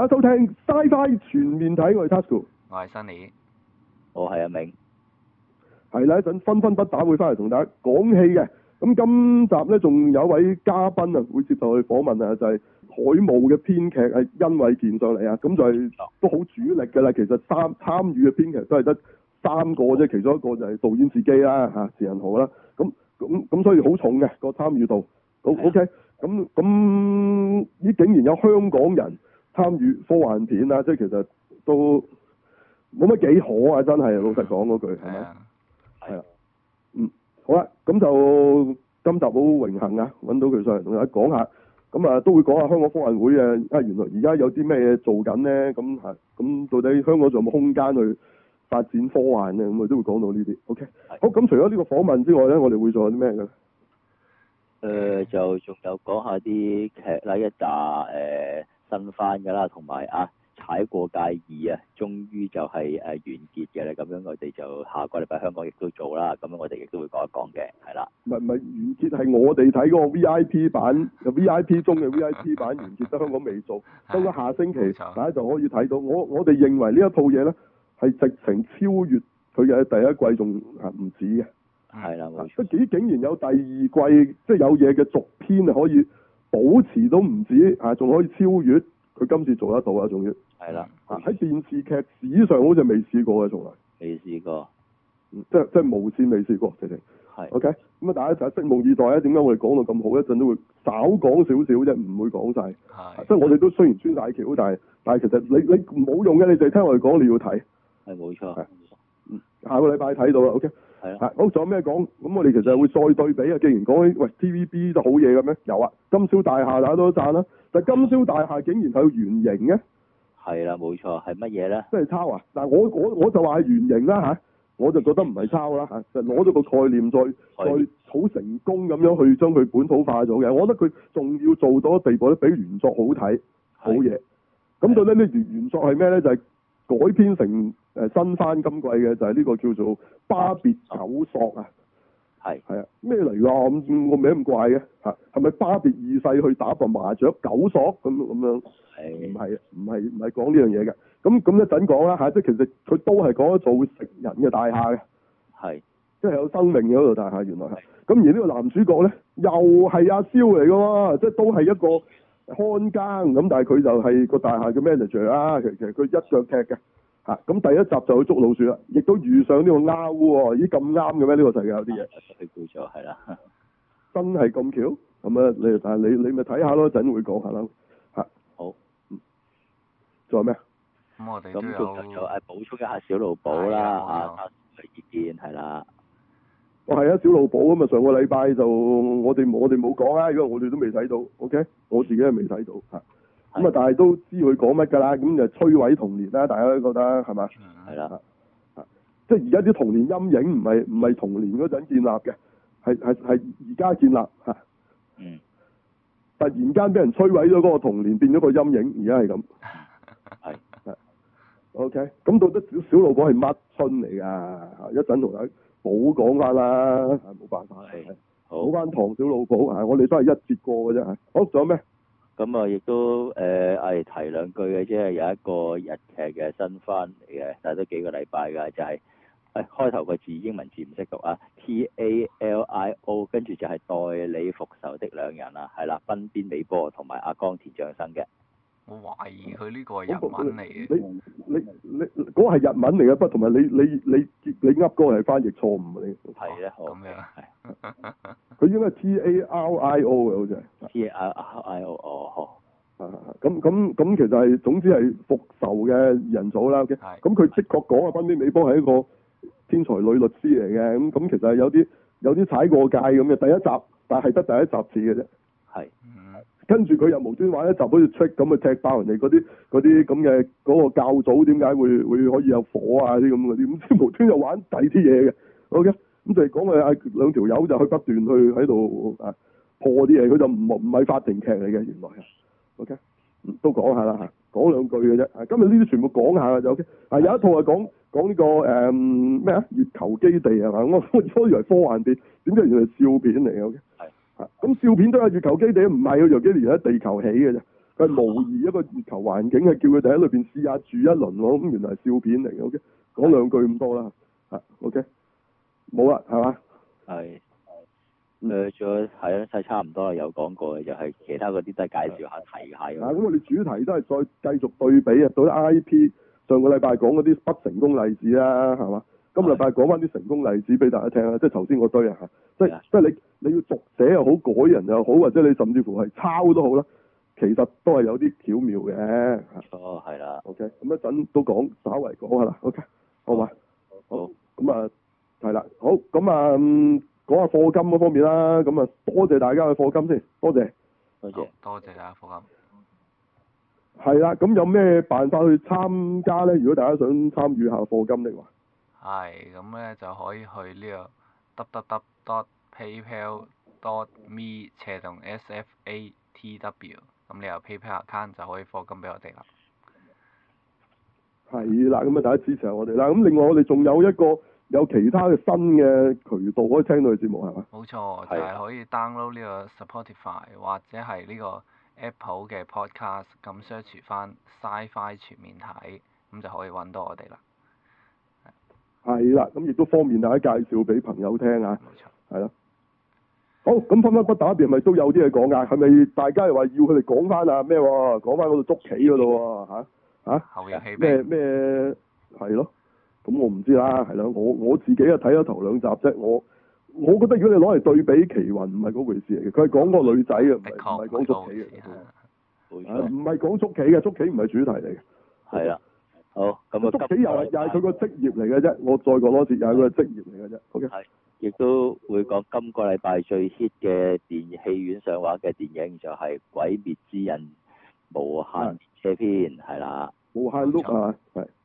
大家收聽《Sci-Fi 全面睇》，我係 Tasuku，我係 Sunny 我係阿銘，係啦，一陣分分不打會翻嚟同大家講戲嘅。咁、嗯、今集呢，仲有一位嘉賓啊，會接受去訪問啊，就係、是《海霧》嘅編劇係甄偉健上嚟啊。咁就係都好主力嘅啦。其實三、參與嘅編劇都係得三個啫，其中一個就係導演自己啦吓，謝仁豪啦。咁咁咁，所以好重嘅、那個參與度。O K，咁咁，呢、okay，竟然有香港人。參與科幻片啦，即係其實都冇乜幾可啊！真係老實講嗰句。係啊，係啊，嗯，好啦，咁就今集好榮幸啊，揾到佢上嚟同大家講下。咁啊，都會講下香港科幻會啊，啊，原來而家有啲咩嘢做緊咧，咁係，咁到底香港仲有冇空間去發展科幻咧？咁啊，都會講到呢啲。OK，的好，咁除咗呢個訪問之外咧，我哋會做有啲咩嘅？誒、呃，就仲有講下啲劇啦，一打誒。啊啊新翻噶啦，同埋啊踩過界二啊，終於就係、是、誒、啊、完結嘅咧。咁樣我哋就下個禮拜香港亦都做說說啦。咁樣我哋亦都會講一講嘅。係啦，唔係唔係完結係我哋睇嗰個 VIP 版 VIP，VIP 中嘅 VIP 版完結，得香港未做，不咗 下星期大家就可以睇到。 我我哋認為呢一套嘢咧係直情超越佢嘅第一季，仲唔止嘅。係、嗯、啦，都竟然有第二季，即、就、係、是、有嘢嘅續篇可以。保持到唔止，嚇，仲可以超越佢今次做得到的啊！仲要係啦，喺電視劇史上好似未試過嘅，從來未試過，即係即係無線未試過，直情係。是 OK，咁啊，大家一齊拭目以待啊！點解我哋講到咁好，一陣都會少講少少啫，唔會講曬。係的，即係、啊、我哋都雖然穿大橋，但係但係其實你你冇用嘅，你就聽我哋講，你要睇。係冇錯。的下個禮拜睇到啦，OK 的。係啊。係。好，仲有咩講？咁我哋其實會再對比啊。既然講起，喂，T V B 都好嘢嘅咩？有啊，金宵大廈大家都讚啦、啊。但係金宵大廈竟然係原形嘅。係啦，冇錯，係乜嘢咧？即係抄啊！嗱，我我我就話係原形啦嚇，我就覺得唔係抄啦、啊、嚇，就攞咗個概念再，的再再好成功咁樣去將佢本土化咗嘅。我覺得佢仲要做到個地步，都比原作好睇，的好嘢。咁到底呢原原作係咩咧？就係、是、改編成。誒新番今季嘅就係、是、呢個叫做巴別九朔啊，係係啊，咩嚟㗎？我名咁怪嘅嚇，係咪巴別二世去打個麻雀九索咁咁樣？係唔係唔係唔係講呢樣嘢嘅？咁咁一陣講啦嚇，即係其實佢都係講一座食人嘅大廈嘅，係即係有生命嘅嗰度大廈原來係。咁的而呢個男主角咧又係阿蕭嚟㗎喎，即係都係一個看更咁，但係佢就係個大廈嘅 manager 啦。其實其實佢一腳踢嘅。咁第一集就去捉老鼠啦，亦都遇上呢個啱喎，咦咁啱嘅咩？呢、這個世界有啲嘢，對唔住，係 啦樂， 真係咁巧，咁啊你但係你你咪睇下咯，陣會講下啦，吓好，仲有 咩樂？咁我哋 就誒補充一下小露寶啦吓，再見係啦，哦係啊，小露寶咁啊，上個禮拜就我哋我哋冇講啊，因為我哋都未睇到，OK，我自己係未睇到吓。Mm mm 咁啊！但係都知佢講乜噶啦，咁就摧毀童年啦。大家都覺得係嘛？係啦，即係而家啲童年陰影唔係唔係童年嗰陣建立嘅，係係係而家建立吓。啊、嗯。突然間俾人摧毀咗嗰個童年，變咗個陰影，而家係咁。係、 啊。O K，咁到底小露寶係乜春嚟啊？一陣同大家補講翻啦。冇的辦法。的好。嗰班小露寶，啊，我哋都係一節過嘅啫嚇。好，仲有咩？咁啊，亦、嗯、都誒、呃，提兩句嘅，即、就、係、是、有一個日劇嘅新番，嚟嘅，但係都幾個禮拜㗎，就係、是、誒、哎、開頭個字英文字唔識讀啊，T A L I O，跟住就係代理復仇的兩人啊，係啦，濱邊美波同埋阿岡田將生嘅。我懷疑佢呢個係日文嚟嘅。你你你嗰個係日文嚟嘅，不同埋你你你你噏嗰個係翻譯錯誤，你睇咧，講咩啊？佢應該 T A R I O 嘅，好似 T A R I O 哦。啊、哦，咁咁咁，其實係總之係復仇嘅人組啦。O、okay? K 的。咁佢的確講啊，濱邊美波係一個天才女律師嚟嘅。咁咁其實係有啲有啲踩過界咁嘅第一集，但係得第一集字嘅啫。係。 跟住佢又無端玩一集，好似出咁啊踢爆人哋嗰啲嗰啲咁嘅嗰個教祖，點解會會會可以有火啊啲咁嘅啲？咁無端又玩第二啲嘢嘅，OK，咁就係講佢兩條友就去不斷去喺度啊破啲嘢，佢就唔唔係法庭劇嚟嘅，原來啊，OK，都講下啦吓，講兩句嘅啫啊，今日呢啲全部講下就 OK，啊有一套係講講呢個誒咩啊月球基地係嘛、啊？我初以為科幻片，點解原來笑片嚟嘅，OK，咁、啊、笑片都有月球基地，唔係佢由幾年喺地球起嘅啫，佢係模擬一個月球環境，係叫佢哋喺裏邊試下住一輪咯。咁、啊、原來係笑片嚟嘅，OK，講兩句咁多啦，啊，OK，冇啦，係、okay? 嘛？係。咁誒，仲、呃、有係咯，就差唔多啦。有講過嘅就係、是、其他嗰啲都係介紹下睇的下咯。咁、啊、我哋主題都係再繼續對比啊，到啲 IP，上個禮拜講嗰啲不成功例子啦，係嘛？咁啊，快講翻啲成功例子俾大家聽啦，即係頭先嗰堆啊，的即係即係你你要續寫又好，改人又好，或者你甚至乎係抄都好啦，其實都係有啲巧妙嘅。哦，係啦、okay？OK，咁一陣都講，稍為講下啦。OK，好嘛？好。咁啊、嗯，係、嗯、啦。好、嗯，咁啊講下課金嗰方面啦。咁、嗯、啊，多謝大家嘅課金先，多謝。多謝。多謝啊，課金。係啦，咁有咩辦法去參加咧，如果大家想參與下課金的話。係，咁咧就可以去呢個 www.paypal.me 斜同 sfatw 咁你有 PayPal account 就可以課金俾我哋啦。係啦，咁啊大家支持我哋啦，咁另外我哋仲有一個有其他嘅新嘅渠道可以聽到嘅節目係咪？冇錯，的就係可以 download 呢個 Spotify 或者係呢個 Apple 嘅 Podcast，咁 search 翻 SciFi 全面睇，咁就可以揾到我哋啦。係啦，咁亦都方便大家介紹俾朋友聽啊。冇沒錯，係咯。好，咁分分不打邊，係咪都有啲嘢講噶？係咪大家又話要佢哋講翻啊？咩喎？講翻嗰度捉棋嗰度喎？嚇嚇，後日戲咩？咩咩？係咯。咁我唔知啦。係啦，我我自己啊睇咗頭兩集啫。我我覺得如果你攞嚟對比奇雲，唔係嗰回事嚟嘅。佢係講個女仔啊，唔係講捉棋啊。唔係講捉棋嘅，捉棋唔係主題嚟嘅。係啊。好，咁、哦那個又係又係佢個職業嚟嘅啫，啊、我再講多次又係佢個職業嚟嘅啫。好、okay? 嘅，係，亦都會講今個禮拜最 hit 嘅電戲院上畫嘅電影就係、是《鬼滅之刃無限列車篇》係啦，無限 look 啊，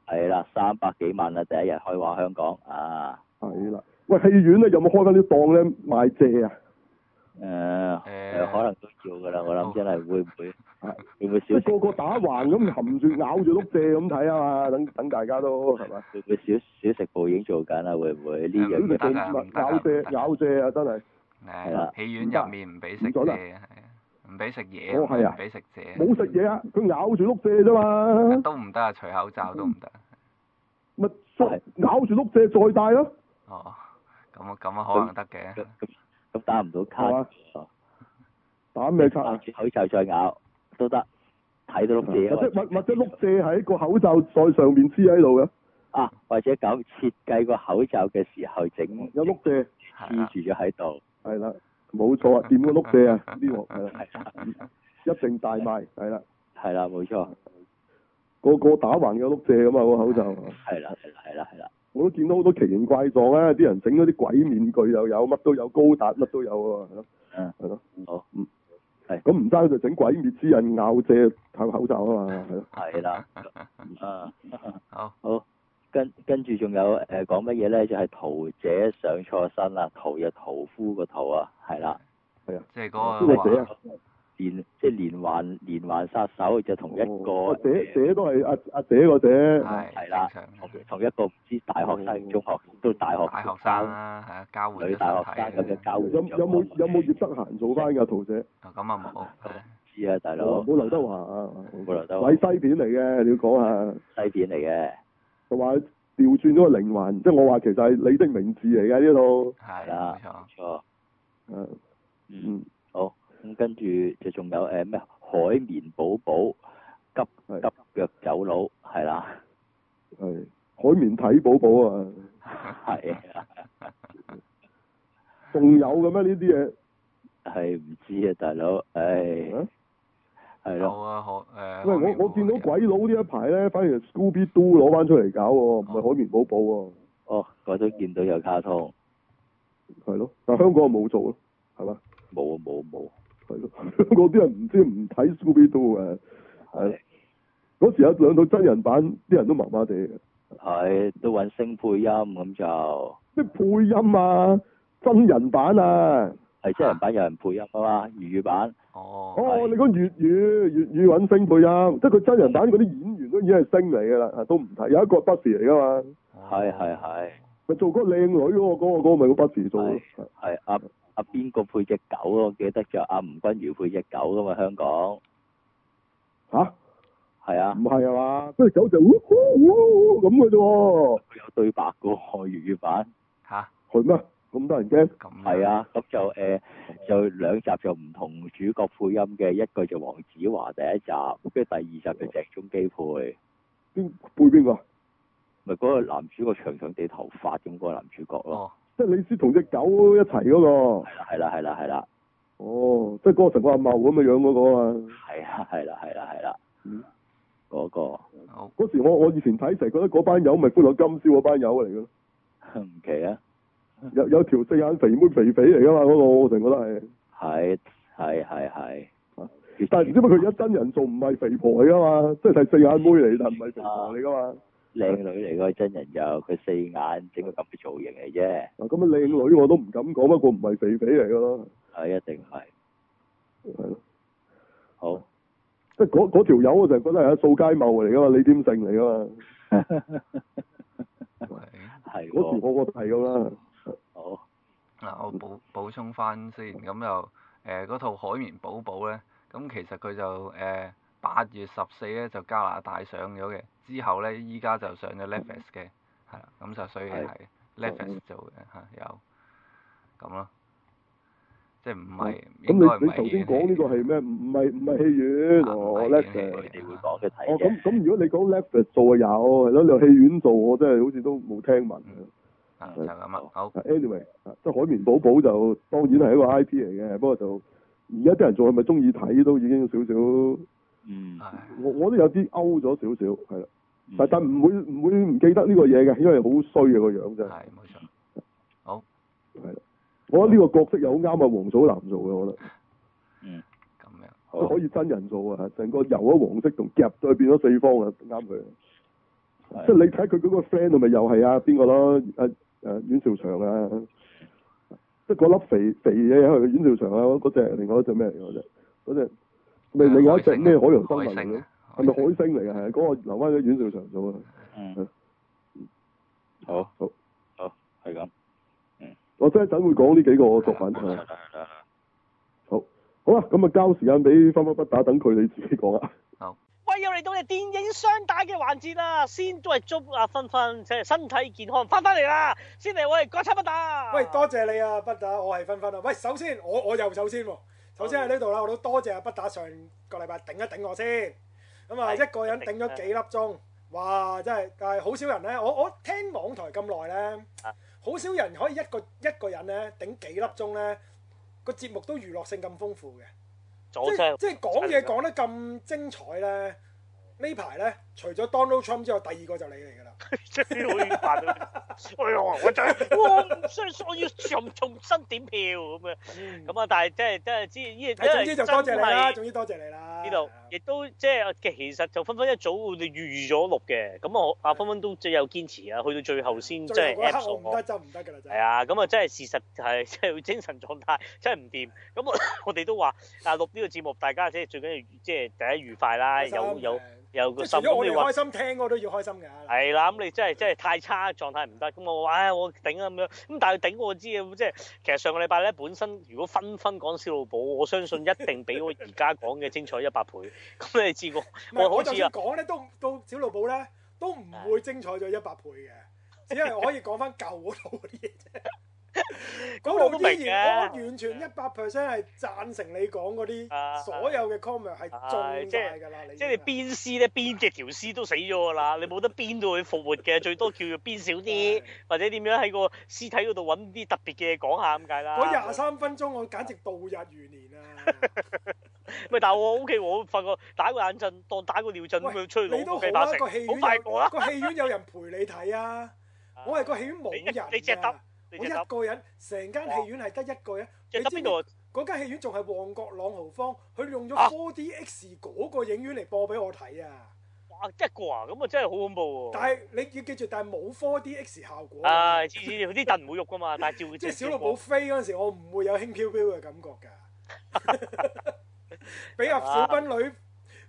係啦的，三百幾萬啦，第一日開畫香港啊，係啦，喂，戲院咧有冇開翻啲檔咧賣借啊？誒，可能都要噶啦，我諗真係會唔會？係會唔會少？即個個打橫咁含住咬住碌蔗咁睇啊嘛，等等大家都係咪？會唔會少少食部已經做緊啊？會唔會呢樣得啊？咬蔗咬蔗啊，真係係啦！戲院入面唔俾食蔗，係唔俾食嘢啊？唔俾食嘢，冇食嘢啊！佢咬住碌蔗啫嘛。都唔得啊！除口罩都唔得。乜？咬住碌蔗再戴咯？哦，咁啊咁啊，可能得嘅。咁打唔到卡？打咩卡啊？口罩再咬都得，睇到碌蔗，啊！即或或者碌蔗喺個口罩再上面黐喺度嘅啊，或者搞設計個口罩嘅時候整有碌蔗，黐住咗喺度，係啦，冇錯，掂過碌蔗啊？呢個係啦，一定大賣，係啦，係啦，冇錯，個個打橫有碌蔗咁啊，個口罩係啦，係啦，係啦，係啦。我都見到好多奇形怪狀啊！啲人整咗啲鬼面具又有，乜都有高達，乜都有喎，係咯。啊、好嗯。咯、嗯嗯啊。好。嗯。係。咁吳生就整鬼滅之刃咬者戴口罩啊嘛，係咯。係啦。嗯。好。好。跟跟住仲有誒、呃、講乜嘢咧？就係、是、屠姐上錯身啊！屠就屠夫個屠啊，係啦。係啊。謝哥啊！連即係連環連環殺手就同一個，阿姐姐都係阿阿姐個姐，係啦，同一個唔知大學生中學都大學大學生啦，吓交女大學生咁嘅交有冇有冇葉德嫻做翻噶，桃姐？啊咁啊唔好，知啊大佬。冇劉德華啊，冇劉德華。喺西片嚟嘅，你要講下。西片嚟嘅，同埋調轉咗個靈魂，即係我話其實係你的名字嚟嘅呢度，係啦。冇錯。嗯。嗯。嗯、跟住就仲有誒咩，呃、海綿寶寶急急腳走佬係啦，係的的海綿體寶寶啊，係仲 有嘅咩呢啲嘢？係唔知啊，大佬，唉、哎，係咯。好啊，好誒的。餵！我我見到鬼佬呢一排咧，反而 Scooby Doo 攞翻出嚟搞喎，唔係海綿寶寶喎，啊。哦，我都見到有卡通，係咯，但香港就冇做咯，係嘛？冇啊冇啊，冇。係咯，我啲人唔知唔睇 s 蘇菲多嘅。啊。嗰時有兩套真人版，啲人都麻麻地嘅。係都揾聲配音咁就。咩配音啊？真人版啊？係真人版有人配音啊嘛，粵語版。哦。哦，你講粵語，粵語揾聲配音，即係佢真人版嗰啲演員都已經係星嚟㗎啦，都唔睇，有一個係不士嚟㗎嘛。係係係。咪做個靚女喎，嗰個咪個不士做。係。係。阿邊個配隻狗？我記得就阿吳君如配隻狗噶嘛？香港吓，係啊，唔係啊嘛？跟住狗就嗚咁嘅啫喎，佢，哦哦哦啊，有對白噶喎粵語版吓係咩？咁，啊，多人驚咁係啊？咁，啊，就誒、呃，就兩集就唔同主角配音嘅，一個就黃子華第一集，跟住第二集就鄭中基配邊配邊個？咪嗰，嗯啊，個男主角長長地頭髮咁個男主角咯。哦即係李斯同隻狗一齊嗰個，係啦係啦係啦係啦，哦，即係嗰個成個阿茂咁嘅樣嗰個啊，係啊係啦係啦係啦，嗰個，嗰時我我以前睇成日覺得嗰班友咪歡樂今宵嗰班友嚟嘅咯。唔奇啊，有有條四眼肥妹肥肥嚟噶嘛，嗰個我成個都係，係係係係，但係唔知點解佢而家真人仲唔係肥婆嚟噶嘛。即係係四眼妹嚟，但唔係肥婆嚟噶嘛。靚女嚟個，真人就佢四眼，整個咁嘅造型嚟啫。咁啊，靚女我都唔敢講，不過唔係肥肥嚟噶咯。係一定係，係，好，即係嗰嗰條友我成日覺得係掃街茂嚟噶嘛，李天成嚟噶嘛。係，嗰時我我都係噶啦。好，嗱我補補充翻先，咁就誒嗰套海綿寶寶咧，咁其實佢就誒八月十四咧就加拿大上咗嘅。之後咧，依家就上咗 Netflix 嘅，係啦、嗯，咁就所以係 Netflix 做嚇有咁咯，即係唔係咁你你頭先講呢個係咩？唔係唔係戲院、啊、哦，Netflix 你哋會講嘅題咁咁，哦、如果你講 Netflix 做啊有，係咯，又戲院做我真係好似都冇聽聞啊，就咁啊 Anyway 即係海綿寶寶就當然係一個 IP 嚟嘅，不過就而家啲人仲係咪中意睇都已經有少少。嗯、mm.，我我都有啲勾咗少少，係啦、mm.，但但唔會唔會唔記得呢個嘢嘅，因為好衰嘅個樣真係冇錯，好係啦，我覺得呢個角色又好啱啊黃祖藍做嘅，我覺得。嗯、mm.，咁樣可以真人做 friend，是是啊，成個由咗黃色同夾去變咗四方啊，啱佢。即係你睇佢嗰個 friend 係咪又係啊邊個咯？阿阿阮兆祥啊，即係嗰粒肥肥嘢，係阮兆祥啊，嗰隻另外一隻咩嚟嗰隻，隻。咪另外一隻咩海洋生物嚟嘅？係咪海星嚟嘅？係啊，嗰星、嗰個留翻啲院上場咗？啊。嗯。嗯嗯嗯好。好。好。係咁。嗯。我即係等會講呢幾個作品啊。係好。好啦，咁啊交時間俾分分不打，等佢你自己講啊。好。喂，要嚟到你哋電影雙打嘅環節啦，先都係祝啊分分即係身體健康，翻返嚟啦，先嚟喂，講七不打。喂，多謝你啊，不打，我係分分啊。喂，首先我我，我右手先喎。先先首先喺呢度啦，我都多謝阿不打上個禮拜頂一頂我先，咁啊一個人頂咗幾粒鐘，哇真係，但係好少人咧，我我聽網台咁耐咧，好少人可以一個一個人咧頂幾粒鐘咧，個節目都娛樂性咁豐富嘅，左聲即係講嘢講得咁精彩咧，呢排咧除咗 Donald Trump 之外，第二個就你嚟嘅。 真好愉快啊、哎！我真，我唔相信我要重重新點票咁樣，咁啊，但係真係真係知依嘢。總之就多謝你啦，是總之多謝你啦。呢度亦都即係其實就分分一早我哋預咗錄嘅，咁我阿分分都即有堅持啊，去到最後先即係。最後嗰一刻我唔得就唔得㗎啦，係啊，咁啊真係事實係即係精神狀態真係唔掂，咁我哋都話，但係錄呢個節目，大家即係最緊要即係、就係、第一愉快啦，心有有有，有個心，開心都要開心聽，我都要開心㗎。係啦、啊。咁你真係真係太差狀態唔得，咁我話：我頂啊咁樣。咁但係頂我知啊，即係其實上個禮拜咧，本身如果分分講小露寶，我相信一定比我而家講嘅精彩一百倍。咁 你知我，我好似啊。我就講咧， 都都小露寶咧，都唔會精彩咗一百倍嘅， 只係我可以講翻舊嗰套嗰啲嘢啫。 嗰度依然，我完全一百 percent 係贊成你講嗰啲所有嘅 comment 係做晒噶啦。你即係邊屍咧，邊隻條屍都死咗噶啦。你冇得邊度去復活嘅，最多叫佢邊少啲或者點樣喺個屍體嗰度揾啲特別嘅嘢講下咁解啦。嗰廿三分鐘我簡直度日如年啊！咪但係我 OK，我瞓覺打個眼震，當打個尿震咁樣出去攞我嘅。你都好個戲院，個戲院有人陪你睇啊！我係個戲院冇人啊！我一個人，成間戲院係得一個人。你知唔知嗰間戲院仲係旺角朗豪坊？佢用咗 4DX 嗰個影院嚟播俾我睇啊！哇，一個啊，咁啊真係好恐怖喎！但係你要記住，但係冇 4DX 效果。啊，次次佢啲凳唔會喐噶嘛，但係照即係小露寶飛嗰陣時，我唔會有輕飄飄嘅感覺㗎。俾阿小兵女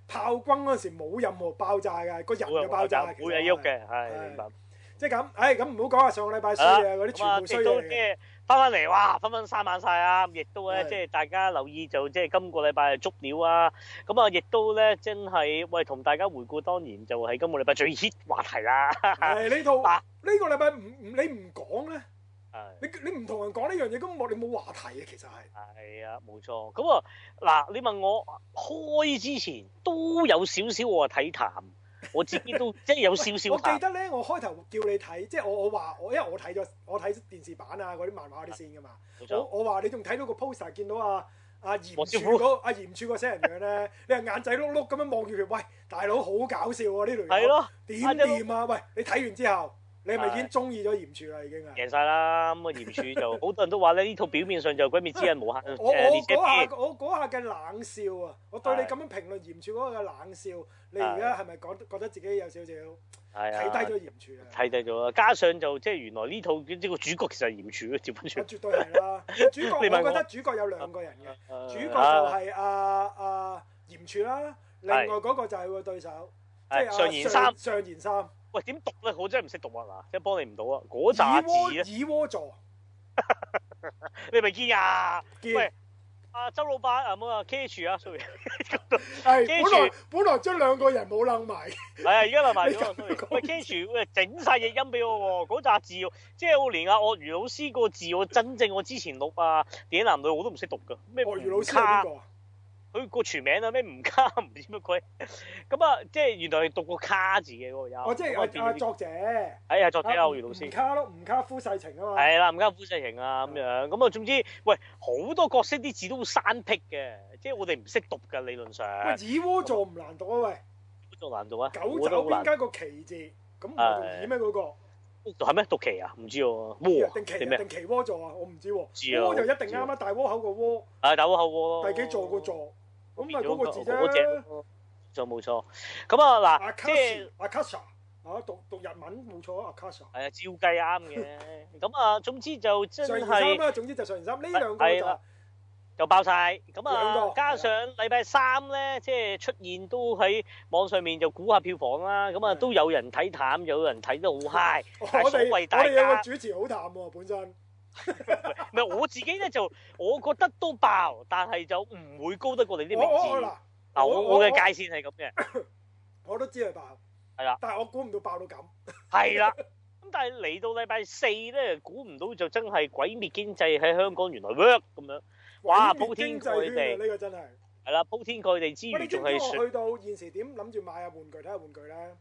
炮轟嗰陣時，冇任何爆炸㗎，個人嘅爆炸冇嘢喐嘅，係。即係咁，誒咁唔好講啊！上個禮拜四嘅嗰啲全部都即係翻翻嚟，哇，紛紛生猛晒啊！亦都咧，即係大家留意就即係今個禮拜嘅足料啊！咁啊，亦都咧，真係喂，同大家回顧當然就係今個禮拜最熱話題啦。係呢套嗱，呢個禮拜唔唔，你唔講咧，你你唔同人講呢樣嘢，咁我哋冇話題嘅其實係。係啊，冇錯。咁啊，嗱，你問我開之前都有少少我睇談。我自己都即係有少少。我記得咧，我開頭叫你睇，即係我我話我，因為我睇咗我睇電視版啊嗰啲漫畫啲先噶嘛。錯我我話你仲睇到個 poster，見到阿、啊、阿、啊、嚴柱嗰阿、啊、嚴柱嗰死人樣咧， 你係眼仔碌碌咁樣望住佢，喂，大佬好搞笑啊呢類！係咯的，點掂啊？哥喂，你睇完之後。你咪已經中意咗炎柱啦，已經啊！贏晒啦，咁啊炎柱就好多人都話咧，呢套表面上就鬼滅之刃無限。我我嗰下我下嘅冷笑啊，我對你咁樣評論炎柱嗰個冷笑，你而家係咪講覺得自己有少少啊，睇低咗炎柱啊？睇低咗，啊，加上就即係原來呢套呢個主角其實係炎柱啊，接君處？絕對係啦，主角我覺得主角有兩個人嘅，主角就係啊，阿炎柱啦，另外嗰個就係佢個對手，即係上弦三。上弦三。喂，點讀咧？我真係唔識讀啊！嗱，即係幫你唔到啊。嗰扎字咧，耳窩座，你咪見啊？見？喂，阿周老闆啊，冇啊，Catch 啊，sorry，係本來本來將兩個人冇撚埋，係啊，而家撚埋咗。喂，Catch，喂，整晒譯音俾我喎。嗰扎字，即係我連阿鱷魚老師個字，我真正我之前錄啊《典男女我都唔識讀㗎。咩鱷魚老師係邊個啊？佢個全名係咩？唔卡唔知乜鬼咁啊！即係原來係讀個卡字嘅喎，有。哦，即係我係作者。哎呀，作者啊，我餘老師。吳卡咯，唔卡夫世情啊嘛。係啦，唔卡夫世情啊咁樣。咁啊，總之，喂，好多角色啲字都刪僻嘅，即係我哋唔識讀嘅理論上。喂，猗窩座唔難讀啊！喂，窩座唔難讀啊？犬字邊加個奇字咁唔咩？嗰個係咩？讀奇啊？唔知喎，定奇定奇窩座啊？我唔知喎。知啊。窩就一定啱啦，大窩口個窩。係大窩口窩咯。第幾座個座？咁咪嗰個字啫，就冇錯。咁啊嗱，即係阿 Kasa 啊，讀讀日文冇錯啊。Kasa 係啊，照計啱嘅。咁啊，總之就真係。上週啦，總之就上週，呢兩個就就爆曬。咁啊，加上禮拜三咧，即係出現都喺網上面就估下票房啦。咁啊，都有人睇淡，有人睇得好 high。我哋我哋有個主持好淡喎，本身。唔 係我自己咧就，我覺得都爆，但係就唔會高得過你啲名字。嗱，我我嘅界線係咁嘅。我都知係爆。係啦的。但係我估唔到爆到咁。係 啦。咁但係嚟到禮拜四咧，估唔到就真係鬼滅經濟喺香港原來 work 咁樣。哇！鋪天蓋地。呢個真係。係啦，鋪天蓋地之餘仲係雪。去到現時點諗住買下，啊、玩具睇下玩具咧？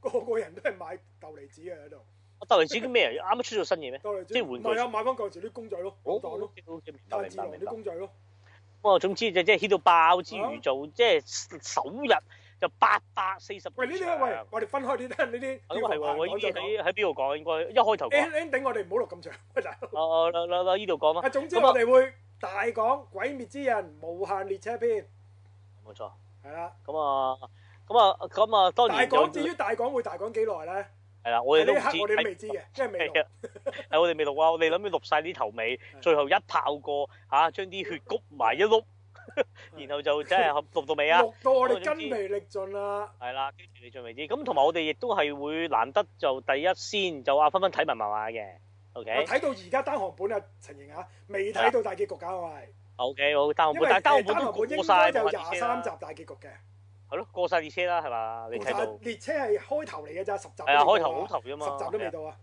個個人都係買豆梨子嘅喺度。我舊嚟之啲咩啊？啱啱出咗新嘢咩？即係換唔係啊？買翻舊嚟時啲公仔咯，舊嚟咯，舊嚟啲公仔咯。哇！總之就即係 heat 到爆之餘，做即係首日就八百四十。喂呢啲啊喂，我哋分開啲啦呢啲。應該係話我依家喺喺邊度講？應該一開頭講。頂頂我哋唔好錄咁長。哦哦，喺喺喺呢度講啦。總之我哋會大講《鬼滅之刃》《無限列車篇》。冇錯。係啦。咁啊咁啊咁啊，當然有。大講至於大講會大講幾耐咧？係啦，我哋都唔知，我哋都未知嘅，真係未係我哋未錄啊，我哋諗住錄晒啲頭尾，最後一炮過吓，將、啊、啲血谷埋一碌，的然後就真係錄到尾啊！錄 到我哋筋疲力盡啦。係啦，筋疲力盡為止。咁同埋我哋亦都係會難得就第一先就分分，就啊分分睇文漫畫嘅。O K。我睇到而家單行本啊，陳盈啊，未睇到大結局噶我係。O K，好單行本，單行本都過晒度先啦。係咯，過晒列車啦，係嘛？你睇到列車係開頭嚟嘅咋，十集係啊，開頭好頭啫嘛，十集都未到啊。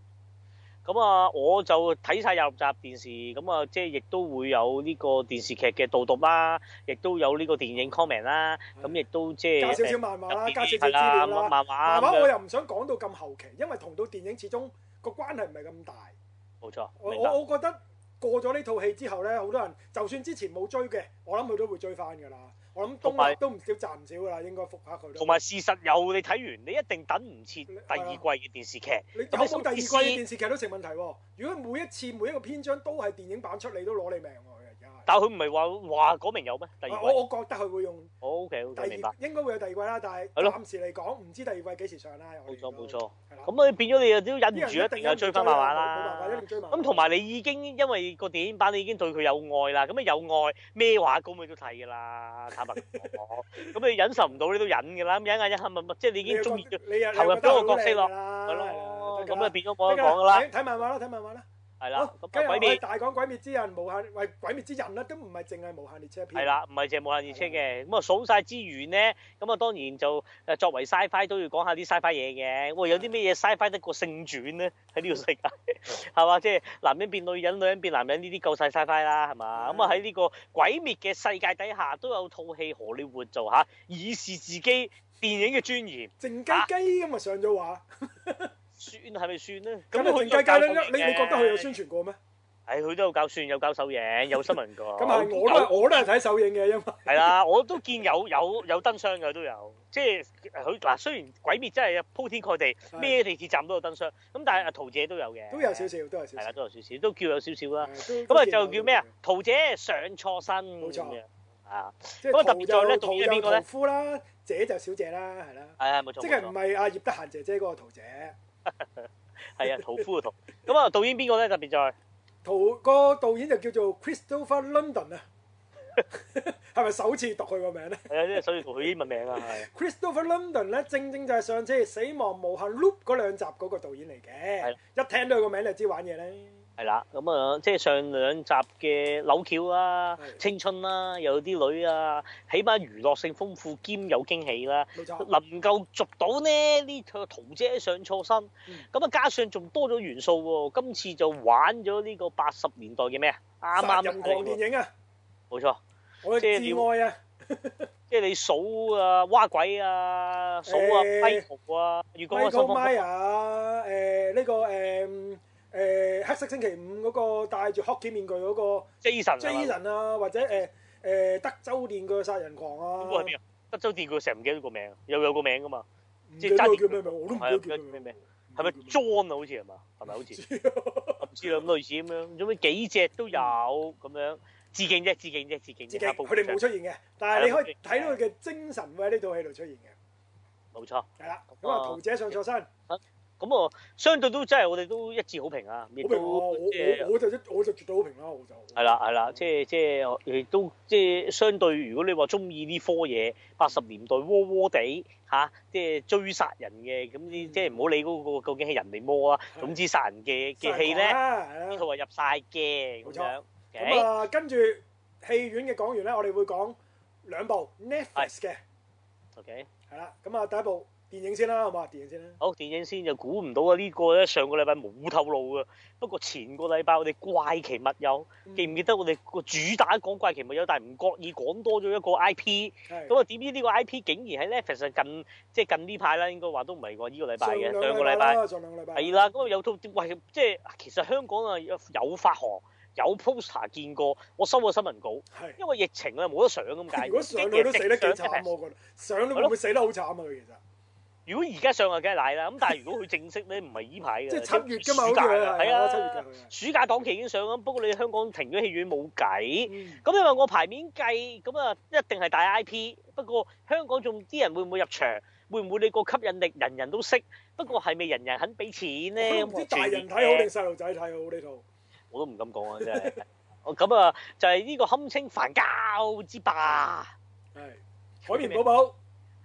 咁啊，我就睇晒廿六集電視，咁啊，即係亦都會有呢個電視劇嘅導讀啦、啊，亦都有呢個電影 comment 啦、啊，咁亦、啊、都即係加少少漫畫啦，別加少少資料啦，漫畫，漫畫、啊、我又唔想講到咁後期，因為同到電影始終個關係唔係咁大。冇錯，我我我覺得過咗呢套戲之後咧，好多人就算之前冇追嘅，我諗佢都會追翻噶啦。我諗都唔少賺唔少㗎啦，應該復下佢。同埋事實有你睇完，你一定等唔切第二季嘅電視劇。你有冇？嗯、第二季嘅電視劇都成問題喎、啊。如果每一次每一個篇章都係電影版出嚟，都攞你命喎、啊。但佢唔係話話嗰名有咩？我我覺得佢會用。O K，明白，第二應該會有第二季啦，但係係咯，暫時嚟講唔知第二季幾時上啦。冇錯冇錯，咁啊變咗你又都忍唔住，一定要追翻漫畫啦。冇漫畫一定追漫。咁同埋你已經因為個電影版你已經對佢有愛啦，咁啊有愛咩畫稿咪都睇噶啦，坦白講。咁你忍受唔到你都忍噶啦，咁忍下忍下咪咪，即係你已經中意咗，投入咗個角色咯。係咯，咁啊變咗冇得講噶啦。睇漫畫啦，睇漫畫啦。係啦，哦、鬼滅！大講鬼滅之刃無限為鬼滅之刃啦，都唔係淨係無限列車篇。係啦，唔係淨係無限列車嘅。咁啊了，數晒之餘呢，咁啊，當然就誒作為 Sci-Fi 都要講下啲 Sci-Fi 嘢嘅。我、欸、有啲咩嘢 Sci-Fi 得過性轉咧？喺呢個世界係嘛？即係、 就是、男人變女人，女人變男人呢啲夠晒 Sci-Fi 啦，係嘛？咁啊喺呢個鬼滅嘅世界底下都有套戲荷里活做吓、啊，以示自己電影嘅尊嚴。靜雞雞咁啊上咗畫。 算，係咪算咧？咁你唔介介咧？你你覺得佢有宣傳過咩？誒，佢都有教算，有教首映，有新聞過。咁我我都係睇首映嘅，有冇？係啦，我都見有有有燈箱嘅都有，即係佢嗱。雖然《鬼滅》真係鋪天蓋地，咩地鐵站都有燈箱，咁但係啊，屠姐都有嘅。都有少少，都有少少。係啦，都有少少，都叫有少少啦。咁啊，就叫咩啊？屠姐上錯身咁樣啊！即係特別在咧，屠就屠夫啦，姐就小姐啦，係啦。係啊，冇錯。即係唔係阿葉德嫻姐姐嗰個桃姐？係啊，屠夫嘅屠。咁啊，導演邊個咧？特別在？屠個導演就叫做 Christopher London 啊，係咪首次讀佢個名咧？係啊，即係首次讀佢英文名啊，係。Christopher London 咧，正正就係上次《死亡無限 Loop》嗰兩集嗰個導演嚟嘅。係的。一聽到佢個名就知玩嘢咧。係啦，咁、嗯、啊，即係上兩集嘅扭橋啊、青春啦，有啲女啊，起碼娛樂性豐富兼有驚喜啦，冇錯，能夠捉到呢呢個屠姐上錯身，咁啊、嗯、加上仲多咗元素喎、啊，今次就玩咗呢個八十年代嘅咩啊，啱啱啱嚟殺人狂電影啊，冇錯，我嘅至愛啊，即 係你數啊，蛙鬼啊，數啊，批圖啊，Michael Myers 呢個誒。呃嗯這個嗯誒黑色星期五嗰個戴住 hockey 面具嗰個，Jason 啊，或者誒誒德州電鋸殺人狂啊，嗰個係邊啊？德州電鋸成日唔記得個名，又有個名噶嘛？即係揸電鋸叫咩名？我都唔記得叫咩名。係咪 John 啊？好似係嘛？係咪好似？唔知啊，類似咁樣。總之幾隻都有咁樣，致敬啫，致敬啫，致敬。致敬佢哋冇出現嘅，但係你可以睇到佢嘅精神喺呢套戲度出現嘅。冇錯。係啦，咁啊，屠姐上錯身。咁啊，相對都真係我哋都一致好評啊！好評啊！我我我就一我就絕對好評啦！我就係啦係啦，即係即係亦都即係相對。如果你話中意呢科嘢，八十年代窩窩地吓，即係追殺人嘅咁你，即係唔好理嗰個究竟係人定魔啊，總之殺人嘅嘅戲咧，佢話入晒鏡咁樣。咁啊，跟住戲院嘅講完咧，我哋會講兩部 Netflix 嘅。OK，係啦。咁啊，第一部。電影先啦，好嘛？電影先啦。好，電影先就估唔到啊！呢個咧上個禮拜冇透露噶，不過前個禮拜我哋怪奇物有、嗯、記唔記得？我哋個主打講怪奇物有，但係唔覺意講多咗一個 I P 的。咁啊點知呢個 I P 竟然喺 Netflix 近，近即係近呢排啦，應該話都唔係話呢個禮拜嘅上個禮拜係啦。咁啊有套喂即係其實香港啊有發行有 poster 見過，我收過新聞稿的因為疫情啊冇得上咁解。 如果上佢都死得幾慘，我覺得上佢會唔會死得好慘啊？其實。如果而家上就梗係奶啦，咁但係如果佢正式咧，唔係依排嘅，即係 七月㗎嘛，暑假，係啊，啊七月，就係，暑假檔期已經上啦。不過你香港停咗戲院冇計，咁你話我牌面計，咁啊一定係大 I P。不過香港仲啲人會唔會入場？會唔會你個吸引力人人都識？不過係咪人人肯俾錢咧？啲大人睇好定細路仔睇好呢套？我都唔敢講啊，真係。哦咁啊，就係呢個堪稱凡教之霸，係《海綿寶，寶寶》。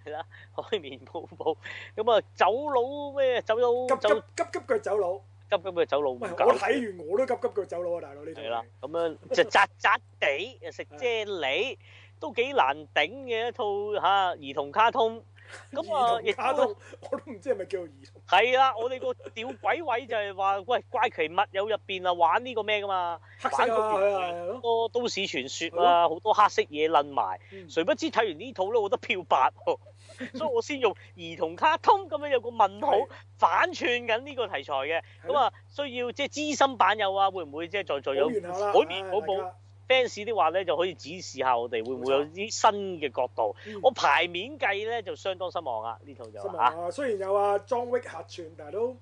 係啦，海綿寶寶咁啊，走佬咩？走佬急急急急腳走佬，急急腳走佬唔夠。我睇完我都急急腳走佬啊，大佬呢套。係啦，咁樣就扎扎地食啫喱，都幾難頂嘅一套吓兒童卡通。咁啊，兒童卡通我都唔知係咪叫兒童卡通。係啦，我哋個吊詭位，就係話喂，怪奇物語入邊啊，玩呢個咩㗎嘛？黑色嘢、多都市傳說啊，好多黑色嘢冧埋，誰不知睇完呢套咧，我得漂白。所以我先用兒童卡通咁樣有個問號反串緊呢個題材嘅，咁啊，需要即係資深版友啊，會唔會即係再再有海綿寶寶 fans 啲話咧，就可以指示下我哋會唔會有啲新嘅角度？我排面計咧就相當失望啊！呢套、嗯、就，雖然有啊 John Wick 客串，但係都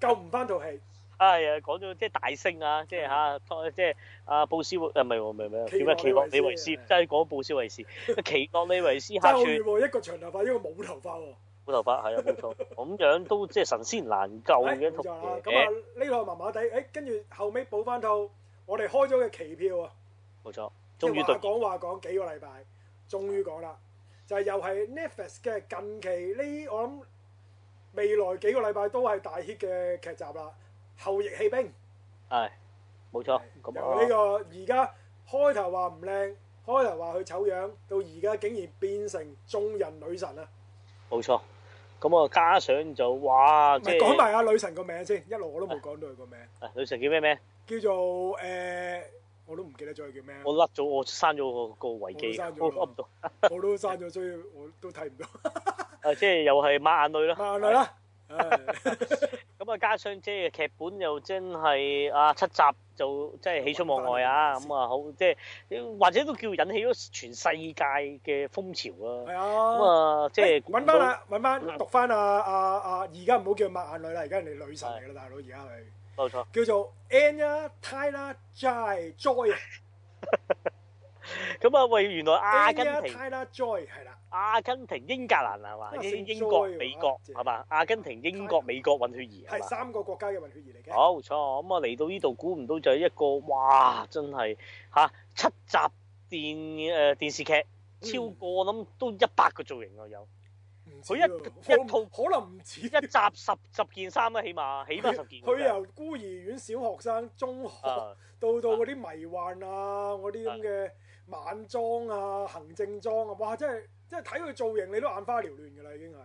救唔翻套戲。哎呀，講咗即係大聲啊！即係嚇，即係阿布斯，唔係唔係唔係，叫咩奇洛李維斯，即係講布斯維斯，奇洛李維斯，下一個長頭髮，一個冇頭髮喎，冇頭髮係啊，冇錯咁樣都即係神仙難救嘅。咁啊，呢個麻麻地誒，跟住後尾補翻套我哋開咗嘅期票啊，冇錯，即係話講話講幾個禮拜，終於講啦，就係又係 Netflix 嘅近期呢，我諗未來幾個禮拜都係大 hit 嘅劇集啦。后翼棄兵，係冇錯。由呢個而家開頭話唔靚，開頭話佢醜樣，到而家竟然變成眾人女神啦。冇錯，咁我加上就哇，即係講埋阿女神個名先，一路我都冇講到佢個名。啊，女神叫咩名？叫做誒，我都唔記得咗佢叫咩。我甩咗，我刪咗個個維基，我揾唔到。我都刪咗，所以我都睇唔到。啊，即係又係抹眼淚咯。抹眼淚啦。咁啊，加上即係劇本又真係啊，七集就真係喜出望外啊！咁啊，好即係，或者都叫引起咗全世界嘅風潮啊！係啊，咁啊，即係揾翻啦，揾翻、欸嗯、讀翻啊啊啊！而、啊、家唔好叫抹眼淚啦，而家係你女神嚟噶啦，是大佬而家係冇錯，沒錯 叫做 Anya Taylor-Joy。 咁啊喂！原來阿根廷係啦，阿根廷、英格蘭係嘛？英英國、美國係嘛？阿根廷、英國、美國混血兒，係三個國家嘅混血兒嚟嘅。冇錯咁啊！嚟到呢度估唔到就係一個哇！真係吓，七集電誒電視劇超過，我諗都一百個造型啊！有佢一一套可能唔止一集十十件衫啊，起碼起碼十件。佢由孤兒院小學生、中學到到嗰啲迷幻啊，嗰啲咁嘅。晚裝啊，行政裝啊，哇！真係真係睇佢造型，你都眼花撩亂㗎啦，已經係。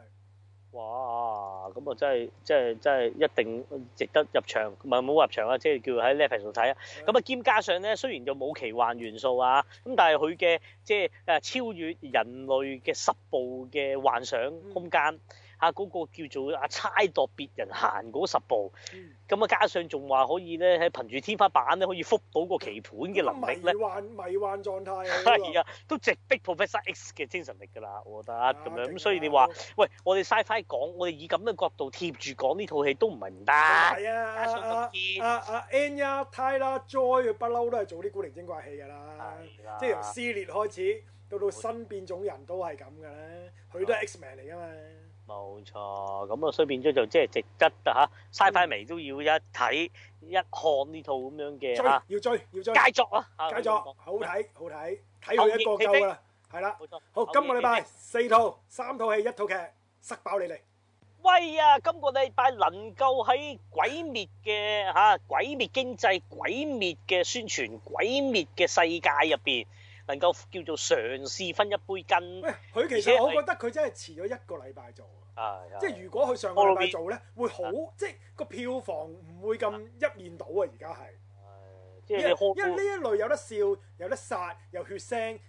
哇！咁啊，真係真係真係一定值得入場，唔係冇入場啊，即係叫喺 level 度睇啊。咁啊的，兼加上咧，雖然就冇奇幻元素啊，咁但係佢嘅即係誒超越人類嘅十步嘅幻想空間。嗯啊！嗰個叫做阿猜度別人行嗰十步，咁啊，加上仲話可以咧，喺憑住天花板咧可以覆到個棋盤嘅能力咧，迷幻迷幻狀態啊，係啊，都直逼 Professor X 嘅精神力㗎啦。我覺得咁樣咁，所以你話喂，我哋 Sci-Fi 講，我哋以咁嘅角度貼住講呢套戲都唔係唔得。係啊，加上啲阿 Anya、阿 Taylor、Joy 佢不嬲都係做啲古靈精怪戲㗎啦，即係由撕裂開始到到新變種人都係咁㗎啦，佢都係 Xman 嚟㗎嘛。冇錯，咁啊，所以變咗就即係值得啊吓，嘥塊眉都要一睇一看呢套咁樣嘅要追要追佳作啊，佳作好睇好睇，睇佢一個夠啦，係啦，好，今個禮拜四套，三套戲，一套劇，塞爆你嚟。喂啊，今個禮拜能夠喺鬼滅嘅吓，鬼滅經濟、鬼滅嘅宣傳、鬼滅嘅世界入邊，能夠叫做嘗試分一杯羹跟。佢其實我覺得佢真係遲咗一個禮拜做。啊！即係如果佢上個禮拜做咧，會好即係個票房唔會咁一面倒啊！而家係，因為呢一類有得笑、有得殺、有血腥，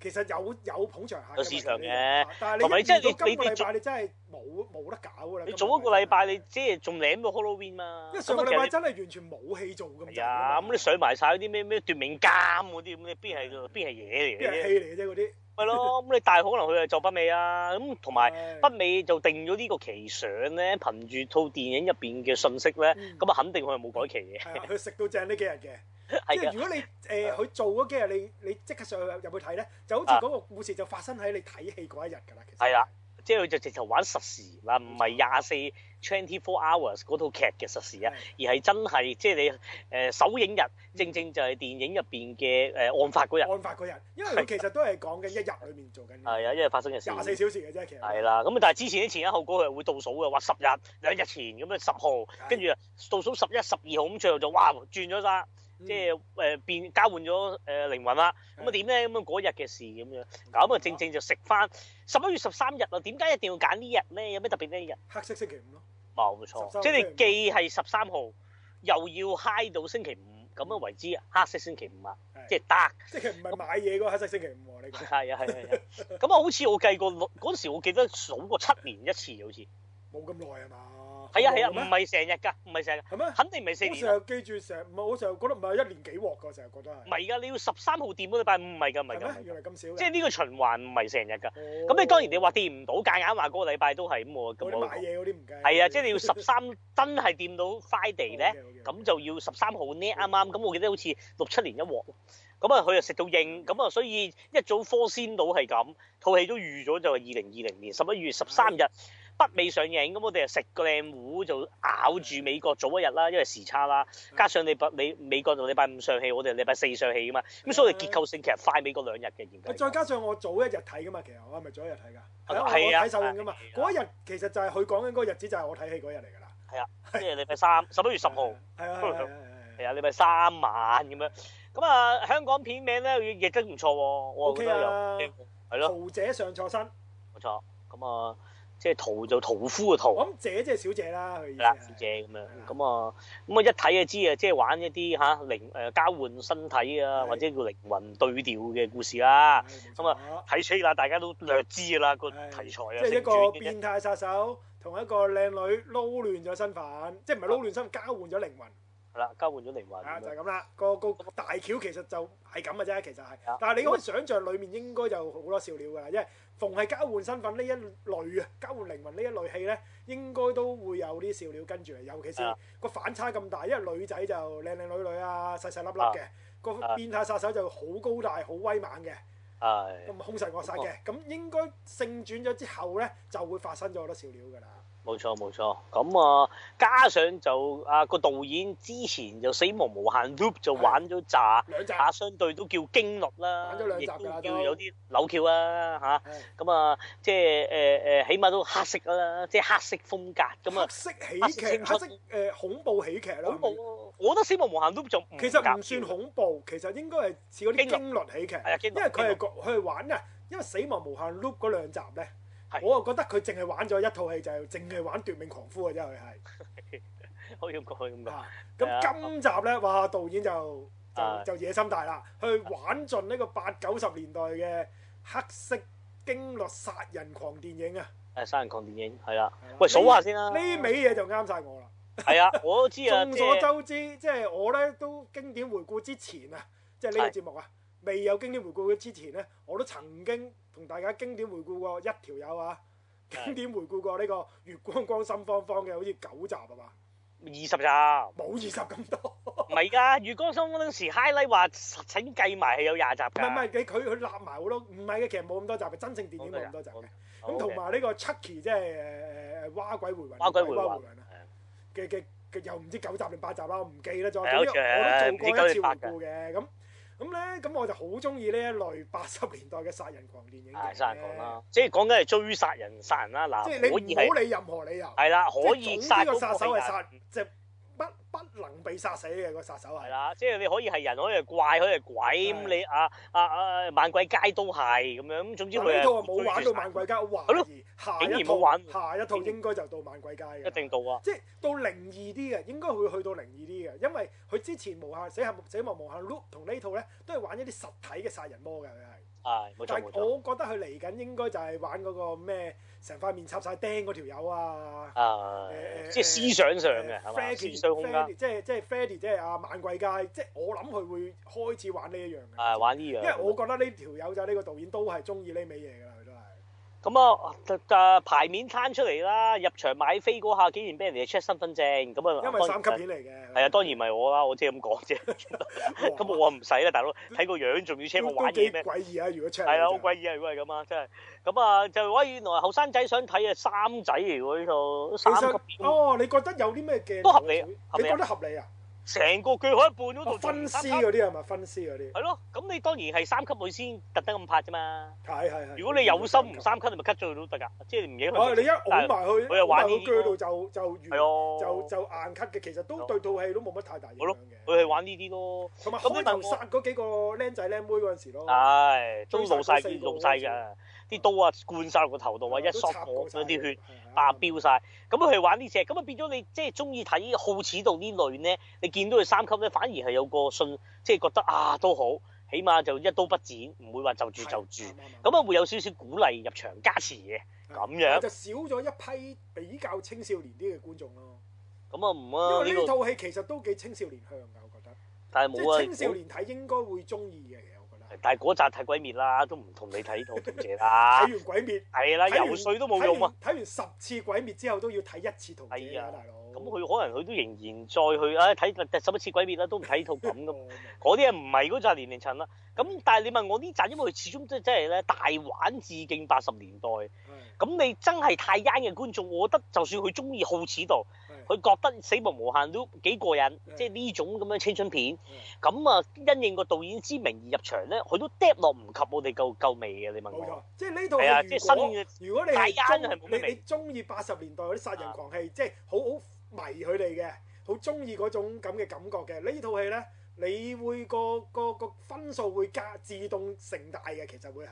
其實有有捧場客嘅市場嘅。但係你即係今個禮拜你真係冇冇得搞㗎啦！你早一個禮拜你即係仲舐到 Halloween 嘛？因為上個禮拜真係完全冇戲做咁就。係啊，咁你上埋曬啲咩咩奪命監嗰啲咁，邊係邊係嘢嚟？嘅。係戲嚟啫啲？係咯，咁你大可能佢係做北美啊，咁同埋北美就定咗呢個期上咧，憑住套電影入邊嘅信息咧，咁啊肯定佢係冇改期嘅。佢食到正呢幾日嘅，係如果你誒佢做嗰幾日，你你即刻上去入去睇咧，就好似嗰個故事就發生喺你睇戲嗰一日噶啦，其實。即係佢就直頭玩實時嗱，唔係廿四 twenty four hours 嗰套劇嘅實時啊，的而係真係即係你誒、呃、首映日，正正就係電影入邊嘅誒案發嗰日。案發嗰日，因為其實都係講緊一日裏面做緊嘢。係啊的，一日發生嘅事。廿四小時嘅啫，其實。係啦，咁但係之前啲前一後嗰日會倒數嘅，話十日兩日前咁樣十號，跟住的倒數十一、十二號咁，最後就哇轉咗晒。即係誒變交換咗誒靈魂啦，咁啊點咧？咁啊嗰日嘅事咁樣，咁啊、嗯、正正就食翻十一月十三日啊！點解一定要揀呢日咧？有咩特別呢日？黑色星期五咯，冇錯是的，即係既係十三號又要嗨到星期五咁樣為之黑色星期五啊，即係得，即係唔係買嘢嗰個黑色星期五喎？你係啊係係，咁啊 好似我計過，嗰時我記得數過七年一次，好似冇咁耐啊嘛？係啊係啊，唔係成日㗎，唔係成日，肯定唔係成日。我成日記住成，我成日覺得唔係一年幾鑊㗎，成日覺得係。唔係㗎，你要十三號掂禮拜五，唔係㗎，唔係㗎。即係呢個循環唔係成日㗎。咁你當然你話掂唔到，夾硬話嗰個禮拜都係咁。咁我買嘢嗰啲唔計。係啊，即係你要十三真係掂到快地咧，咁就要十三號呢啱啱。咁我記得好似六七年一鑊。咁啊，佢又食到應。咁啊，所以一早科先到係咁，套戲都預咗就係二零二零年十一月十三日。北美上映咁，我哋就食個靚糊就咬住美國早一日啦，因為時差啦。加上你美美國就禮拜五上戲，我哋禮拜四上戲噶嘛。咁所以結構性其實快美國兩日嘅。再加上我早一日睇噶嘛，其實我係咪早一日睇㗎？係啊，我睇首映㗎嘛。嗰一日其實就係佢講緊嗰個日子就係我睇戲嗰日嚟㗎啦。係啊，即係禮拜三，十一月十號。係啊係啊，係禮拜三晚咁樣。咁啊，香港片名咧亦亦都唔錯喎。OK 啦，係咯。屠・姐上錯身。冇錯，咁啊。即係屠就屠夫嘅屠，咁姐即係小姐啦，佢意思係啦，小姐咁樣，咁的啊，咁啊一睇就知啊，即係玩一啲嚇靈誒、呃、交換身體啊，的或者叫靈魂對調嘅故事啦。咁啊，睇出嚟啦，大家都略知㗎啦，的個題材啊，即係一個變態殺手同一個靚女撈亂咗身份，即係唔係撈亂身，交換咗靈魂。係啦，交換咗靈魂。係啊，就係咁啦，嗰個、嗰個大橋其實就係咁嘅啫，其實係。但係你可以想像裏面應該就好多笑料㗎啦，因為。逢係交換身份呢一類啊，交換靈魂呢一類戲呢，應該都會有啲笑料跟住嚟，尤其是個反差咁大，因為女仔就靚靚女女啊，細細粒粒嘅，個、啊、變態殺手就好高大、好威猛嘅，咁、啊、凶神惡煞嘅，咁、啊、應該勝轉咗之後呢，就會發生咗好多笑料㗎啦。冇錯冇錯，咁啊加上就啊個導演之前就死亡無限 loop 就玩咗扎，兩集啊相對都叫驚慄啦，亦都叫有啲扭橋啊吓，咁的啊，的啊即係誒誒起碼都黑色啦，即係黑色風格咁啊黑色喜劇，黑色誒、呃、恐怖喜劇咯。恐怖我覺得死亡無限都仲其實唔算恐怖，其實應該係似嗰啲驚慄喜劇，因為佢係佢係玩啊，因為死亡無限 loop 嗰兩集咧。 我又覺得佢淨係玩咗一套戲，就係淨係玩奪命狂夫嘅啫 趣，佢係。可以咁講，可以咁講。咁今集咧， 哇！導演就就就野心大啦， 去玩盡呢個八九十年代嘅黑色驚慄殺人狂電影啊！殺人狂電影係啦， 喂，數下先啦。呢味嘢就啱晒我啦。係啊，我都知啊。眾所周知，即係 我咧都經典回顧之前啊，即係呢個節目啊。對 未有經典回顧嘅之前咧，我都曾經同大家經典回顧過一條友啊！是的 經典回顧過呢個月光光心慌慌，嘅好似九集係嘛？二十集，冇二十咁多，唔係㗎！月光心慌慌嗰陣時，Highly 話請計埋係有廿集，唔係唔係，佢佢立埋好多，唔係嘅，其實冇咁多集嘅，真正電影冇咁多集嘅。咁同埋呢個 Chucky 即係誒誒誒蛙鬼回魂，蛙鬼回魂回魂啦嘅嘅又唔知九集定八集啦，唔記得咗。因為我都做過一次回顧嘅咁。9, 咁咧，咁、嗯、我就好中意呢一類八十年代嘅殺人狂電影嚟嘅。殺人狂啦、啊，即係講緊係追殺人、殺人啦、啊。嗱，即係你唔好理任何理由。係啦，即個殺手可以殺都係殺人。不不能被殺死嘅，個殺手係啦，即係你可以係人，可以係怪，可以係鬼咁的你啊啊啊，萬鬼街都係咁樣，總之佢呢套冇玩到萬鬼街，我懷疑下一套下一套應該就到萬鬼街嘅，一定到啊！即係到靈異啲嘅，應該會去到靈異啲嘅，因為佢之前無限死核死亡無限 loop 同呢套咧都係玩一啲實體嘅殺人魔嘅，佢係，冇錯冇錯。但係我覺得佢嚟緊應該就係玩嗰個咩？成塊面插晒釘嗰條友啊！誒即係思想上嘅，思想空間，即係即係 Freddy，即係阿猛鬼街，即係我諗佢會開始玩呢一樣嘅。係玩呢樣。因為我覺得呢條友仔呢個導演都係中意呢味嘢㗎啦，佢都係。咁啊，誒牌面攤出嚟啦！入場買飛嗰下，竟然俾人哋 check 身份證，咁啊，因為三級片嚟嘅。係啊，當然唔係我啦，我只係咁講啫。咁我唔使啦，大佬，睇個樣仲要 check 我玩嘢咩？幾鬼異啊！如果 check 係啊，好鬼異啊！如果係咁啊，即係。咁啊，就哇！原來後生仔想睇啊，三仔嚟喎呢套三級哦，你覺得有啲咩嘅都合理，你覺得合理啊？成個鋸好一半嗰度分屍嗰啲係咪分屍嗰啲？係咯，咁你當然係三級佢先特登咁拍啫嘛。係係係。如果你有心唔三級，你咪 cut 咗佢都得噶，即係唔影佢。哦，你一㧬埋去，㧬埋去鋸度就就完，就就硬 cut 嘅，其實都對套戲都冇乜太大影響嘅。佢係玩呢啲咯。同埋開頭殺嗰幾個僆仔僆妹嗰陣時咯，唉，都冇晒曬露曬㗎。啲刀啊灌晒入個頭度啊，一剝嗰啲血啊飆晒。咁啊去玩呢啲，咁啊變咗你即係中意睇好賤檔呢類咧，你見到佢三級咧，反而係有個信，即係覺得啊都好，起碼就一刀不剪，唔會話就住就住，咁啊會有少少鼓勵入場加持嘅，咁樣就少咗一批比較青少年啲嘅觀眾咯。咁啊唔啊，因為呢套戲其實都幾青少年向嘅，我覺得。但係冇啊，即係青少年睇應該會中意嘅。但係嗰集睇鬼滅啦，都唔同你睇套套嘅啦。睇 完鬼滅係啦，游水完都冇用啊！睇完，完十次鬼滅之後都要睇一次同。哎呦啊。大佬，咁佢可能佢都仍然再去啊睇第十一次鬼滅啦，都唔睇套咁嘅。嗰啲嘢唔係嗰集年齡層啦。咁但係你問我呢集，因為佢始終即係即係咧大玩致敬八十年代。咁 你真係太啱嘅觀眾，我覺得就算佢中意好此道。佢覺得《死亡無限》都幾過癮，即係呢種咁嘅青春片咁啊。因應個導演之名而入場咧，佢都 drop 落唔及我哋夠夠味嘅。你問我，即係呢套戲如果如果你係中你你中意八十年代嗰啲殺人狂戲，即係好好迷佢哋嘅，好中意嗰種咁嘅感覺嘅呢套戲咧，你會個個個分數會加自動成大嘅，其實會係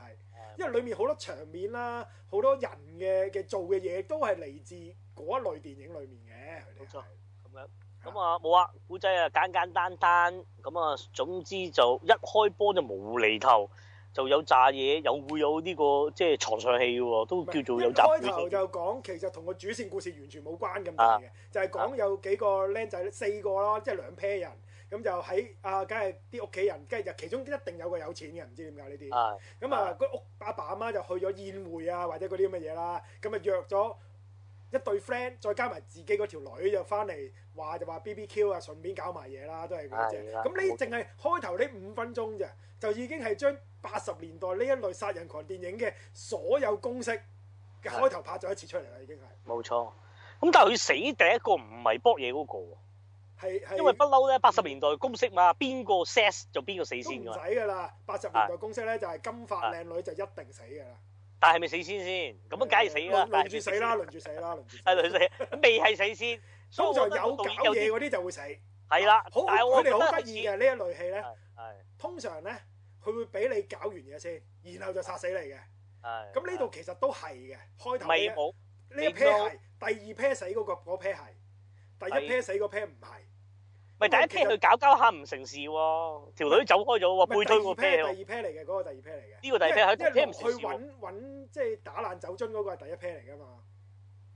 因為裡面好多場面啦，好多人嘅嘅做嘅嘢都係嚟自嗰一類電影裡面。冇 錯，咁樣咁啊冇啊，古仔啊簡簡單單，咁啊總之就一開波就無厘頭，就有炸嘢，又會有呢、呢個即係床上戲嘅喎，都叫做有炸。一開頭就講其實同個主線故事完全冇關咁嘅，啊、就係講有幾個僆仔、啊、四個咯，即係兩 pair 人，咁就喺啊，梗係啲屋企人，跟住就其中一定有個有錢嘅，唔知點解呢啲。咁啊，個屋阿爸阿媽就去咗宴會啊，或者嗰啲乜嘢啦，咁啊約咗。一對 friend 再加埋自己嗰條女就翻嚟話就話 BBQ 啊，順便搞埋嘢啦，都係咁啫。咁呢淨係開頭呢五分鐘啫，就已經係將八十年代呢一類殺人狂電影嘅所有公式嘅開頭拍咗一次出嚟啦，已經係。冇錯。咁但係佢死第一個唔係搏嘢嗰個喎。係係。因為不嬲咧，八十年代公式嘛，邊個 sex 就邊個死先㗎啦。仔㗎啦。八十年代公式咧就係金髮靚女就一定死㗎啦。但係咪死先先？咁樣梗係死啦，輪住死啦，輪住死啦，輪住死。係輪住死，未係死先。通常有搞嘢嗰啲就會死。係啦，好佢哋好得意嘅呢一類戲咧。係。通常咧，佢會俾你搞完嘢先，然後就殺死你嘅。係。咁呢度其實都係嘅，開頭呢一 pair 係第二 pair 死嗰個嗰 pair 係，第一 pair 死嗰 pair 唔係，咪第一批去 i 搞交下唔成事喎、啊，為條女走開咗喎、啊，背推個 p 第二批嚟嘅嗰個第二批嚟嘅。呢個第二批喺 i 第一批唔成事、啊、去揾揾即係打爛酒樽嗰個係第一批嚟㗎嘛。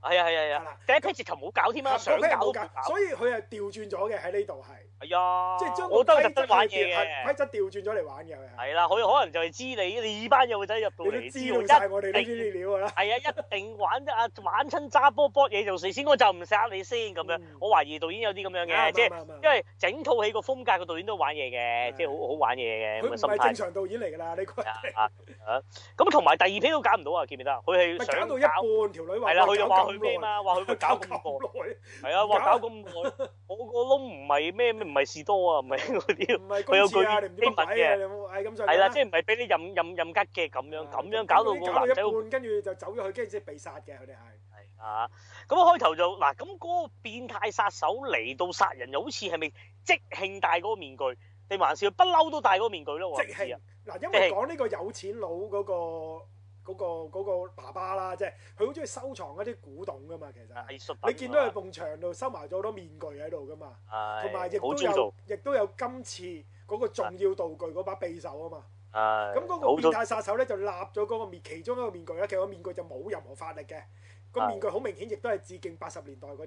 係啊係啊，係啊。啊啊啊啊第一批直 i 唔好搞添啊，那想搞，搞所以佢係調轉咗嘅喺呢度係。係啊，即係我都係特登玩嘢嘅，規則調轉咗嚟玩嘅。係啦，佢可能就係知你你班友仔入到嚟，知我哋啲資料啊。係啊，一定玩啊玩親揸波波嘢做事先，我就唔殺你先咁樣。我懷疑導演有啲咁樣嘅，即係因為整套戲個風格個導演都玩嘢嘅，即係好好玩嘢嘅咁嘅心態。佢唔係正常導演嚟噶啦，你估？啊，咁同埋第二篇都搞唔到啊，記唔記得？佢係想搞到一半，條女係啦，佢就話佢咩嘛？話佢會搞咁耐，係啊，話搞咁耐，我個窿唔係咩咩。唔係士多啊，唔係嗰啲。唔係佢有句英文嘅，係咁啦，即係唔係俾你任任任吉嘅咁樣，咁的樣搞到、嗯、個男仔一半跟住就走咗去，跟住即係被殺嘅，佢哋係。係啊，咁開頭就嗱，咁、啊、嗰、那個變態殺手嚟到殺人，又好似係咪即興戴個面具，定還是不嬲都戴個面具咯？我唔知啊。嗱，因為講呢個有錢佬嗰、那個。興興嗰個嗰個爸爸啦，即係佢好中意收藏一啲古董噶嘛，其實。你見到佢埲牆度收埋咗好多面具喺度噶嘛？同埋亦都有亦都有今次嗰個重要道具嗰把匕首啊嘛。咁嗰個變態殺手咧就立咗嗰個面其中一個面具咧，其實個面具就冇任何法力嘅。個面具好明顯，亦都係致敬八十年代嗰啲誒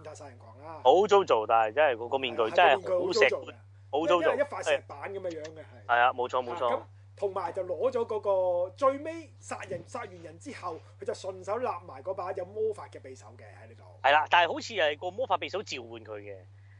變態殺人狂啦。好粗做，但係真係嗰個面具真係好石，好粗做。一塊石板咁嘅樣嘅係。係啊，冇錯冇錯。同埋就攞咗嗰個最尾殺人殺完人之後，佢就順手擸埋嗰把有魔法嘅匕首嘅喺呢度。係啦，但係好似係個魔法匕首召喚佢嘅，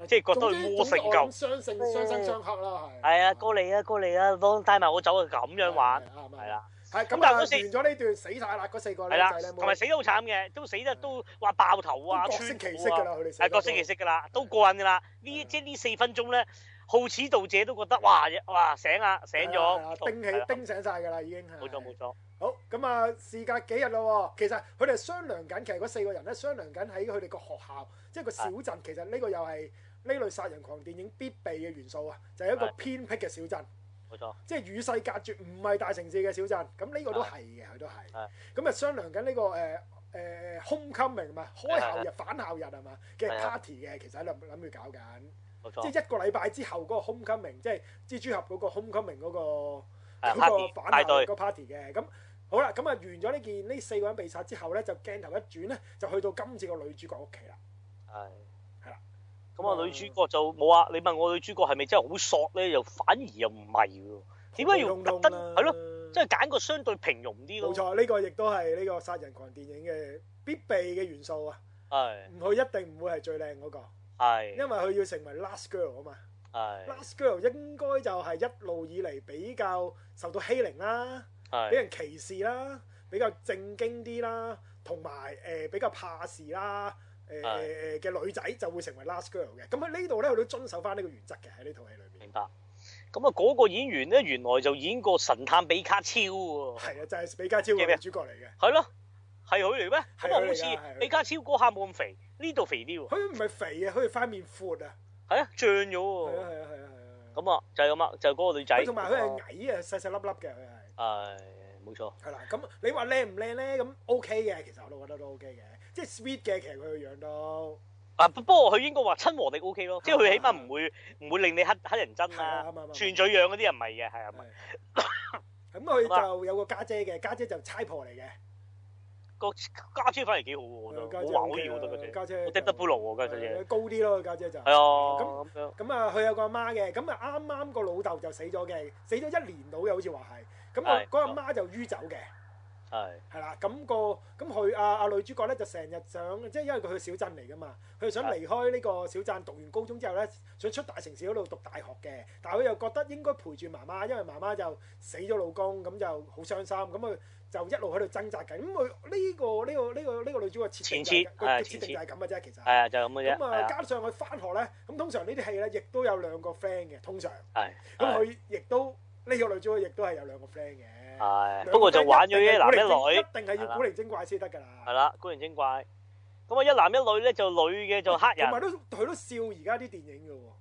即係覺得佢魔性鳩。終於我諗雙性雙生雙核啦，係。係啊，過嚟啊，過嚟啊，幫帶埋我走啊，咁樣玩啊，係啦。係咁，但係完咗呢段死曬啦，嗰四個咧就係冇。係啦，同埋死得好慘嘅，都死得都話爆頭啊，穿旗色㗎啦，佢哋死。係各色旗色㗎啦，都過癮㗎啦。呢即係呢四分鐘咧。好似道者都覺得，哇，哇醒啊，醒咗，叮起叮醒晒噶啦，已經。冇錯冇錯。好咁啊，事隔幾日咯，其實佢哋商量緊，其實嗰四個人咧商量緊喺佢哋個學校，即係個小鎮。其實呢個又係呢類殺人狂電影必備嘅元素啊，就係一個偏僻嘅小鎮。冇錯。即係與世隔絕，唔係大城市嘅小鎮。咁呢個都係嘅，佢都係。啊。咁啊商量緊呢個誒誒 homecoming 嘛，開校日返校日係嘛？嘅 party 嘅，其實喺度諗住搞緊。即係一個禮拜之後嗰個 Homecoming，即係蜘蛛俠嗰個 Homecoming 嗰、那個、的個反派嗰個 party 嘅。咁好啦，咁啊完咗呢件呢四個人被殺之後咧，就鏡頭一轉咧，就去到今次個女主角屋企啦。係係啦，咁啊的、嗯、女主角就冇啊。你問我女主角係咪真係好索咧？又反而又唔係喎。點解要特登？係咯、啊？即係揀個相對平庸啲咯。冇錯，呢、這個亦都係呢個殺人狂電影嘅必備嘅元素啊。係唔去一定唔會係最靚嗰、那個。係，因為佢要成為 last girl 啊嘛 ，last girl 應該就係一路以嚟，比較受到欺凌啦，俾 人歧視啦，比較正經啲啦，同埋誒比較怕事啦、呃，誒誒嘅女仔就會成為 last girl 嘅。咁喺呢度咧，佢都遵守翻呢個原則嘅喺呢套戲裏面。明白。咁啊，嗰個演員咧，原來就演過神探比卡超喎。係啊，就係比卡超嘅主角嚟嘅。係咯，係佢嚟咩？係咪好似比卡超嗰下冇咁肥。 呢度肥啲喎，佢唔係肥啊，佢係塊面闊啊，係啊，脹咗喎，係啊係啊係啊，咁啊就係咁啊，就係嗰個女仔，同埋佢係矮啊，細細粒粒嘅佢係，係冇錯，係啦，咁你話靚唔靚咧？咁 OK 嘅，其實我都覺得都 OK 嘅，即係 sweet 嘅，其實佢個樣都，啊不過佢應該話親和力 OK 咯，即係佢起碼唔會唔會令你乞乞人憎啊！串嘴樣嗰啲人唔係嘅，係啊唔係，咁佢就有個家姐嘅，家姐就差婆嚟嘅。家姐反而幾好喎，我覺得，還可以，我覺得嗰隻，我頂喎，家姐，高啲咯，家姐就，係啊，咁咁啊，佢有個阿媽嘅，咁啊啱啱個老豆就死咗嘅，死咗一年到又好似話係，咁我嗰阿媽就於走嘅，係，係啦，咁個，咁佢阿阿女主角咧就成日想，即係因為佢去小鎮嚟噶嘛，佢就想離開呢個小鎮，讀完高中之後咧，想出大城市嗰度讀大學嘅，但係佢又覺得應該陪住媽媽，因為媽媽就死咗老公，咁就好傷心，咁佢，就一路喺度掙扎緊，咁佢呢個呢個呢個呢個女主嘅設定就係咁嘅啫，其實係啊，就咁嘅啫。咁啊的，加上佢返學咧，咁通常呢啲戲咧，亦都有兩個 friend 嘅，通常。係的。咁佢亦都呢個女主角亦都係有兩個 friend 嘅。係的。不過就玩咗一男一女。一定係要古，的古靈精怪先得㗎啦。係啦，古靈精怪。咁啊，一男一女咧，就女嘅就黑人。同埋都佢都笑而家啲電影㗎喎。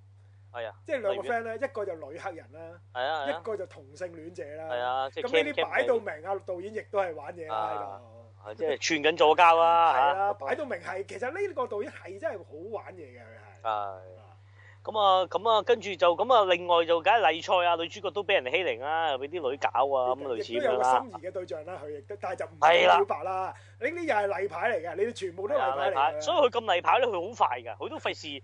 係啊，即係兩個 friend 咧，一個就女黑人啦，一個就同性戀者啦。係啊，咁呢啲擺到明啊，導演亦都係玩嘢啦喺度，即係串緊左膠啦。係啦，擺到明係，其實呢個導演係真係好玩嘢嘅係。係。咁啊，咁啊，跟住就咁啊，另外就梗係例賽啊，女主角都俾人欺凌啦，俾啲女搞啊咁類似咁樣有心儀嘅對象啦，佢亦都，但係就唔表白啦。呢啲又係例牌嚟嘅，你哋全部都係例牌嚟。所以佢咁例牌咧，佢好快噶，佢都費事。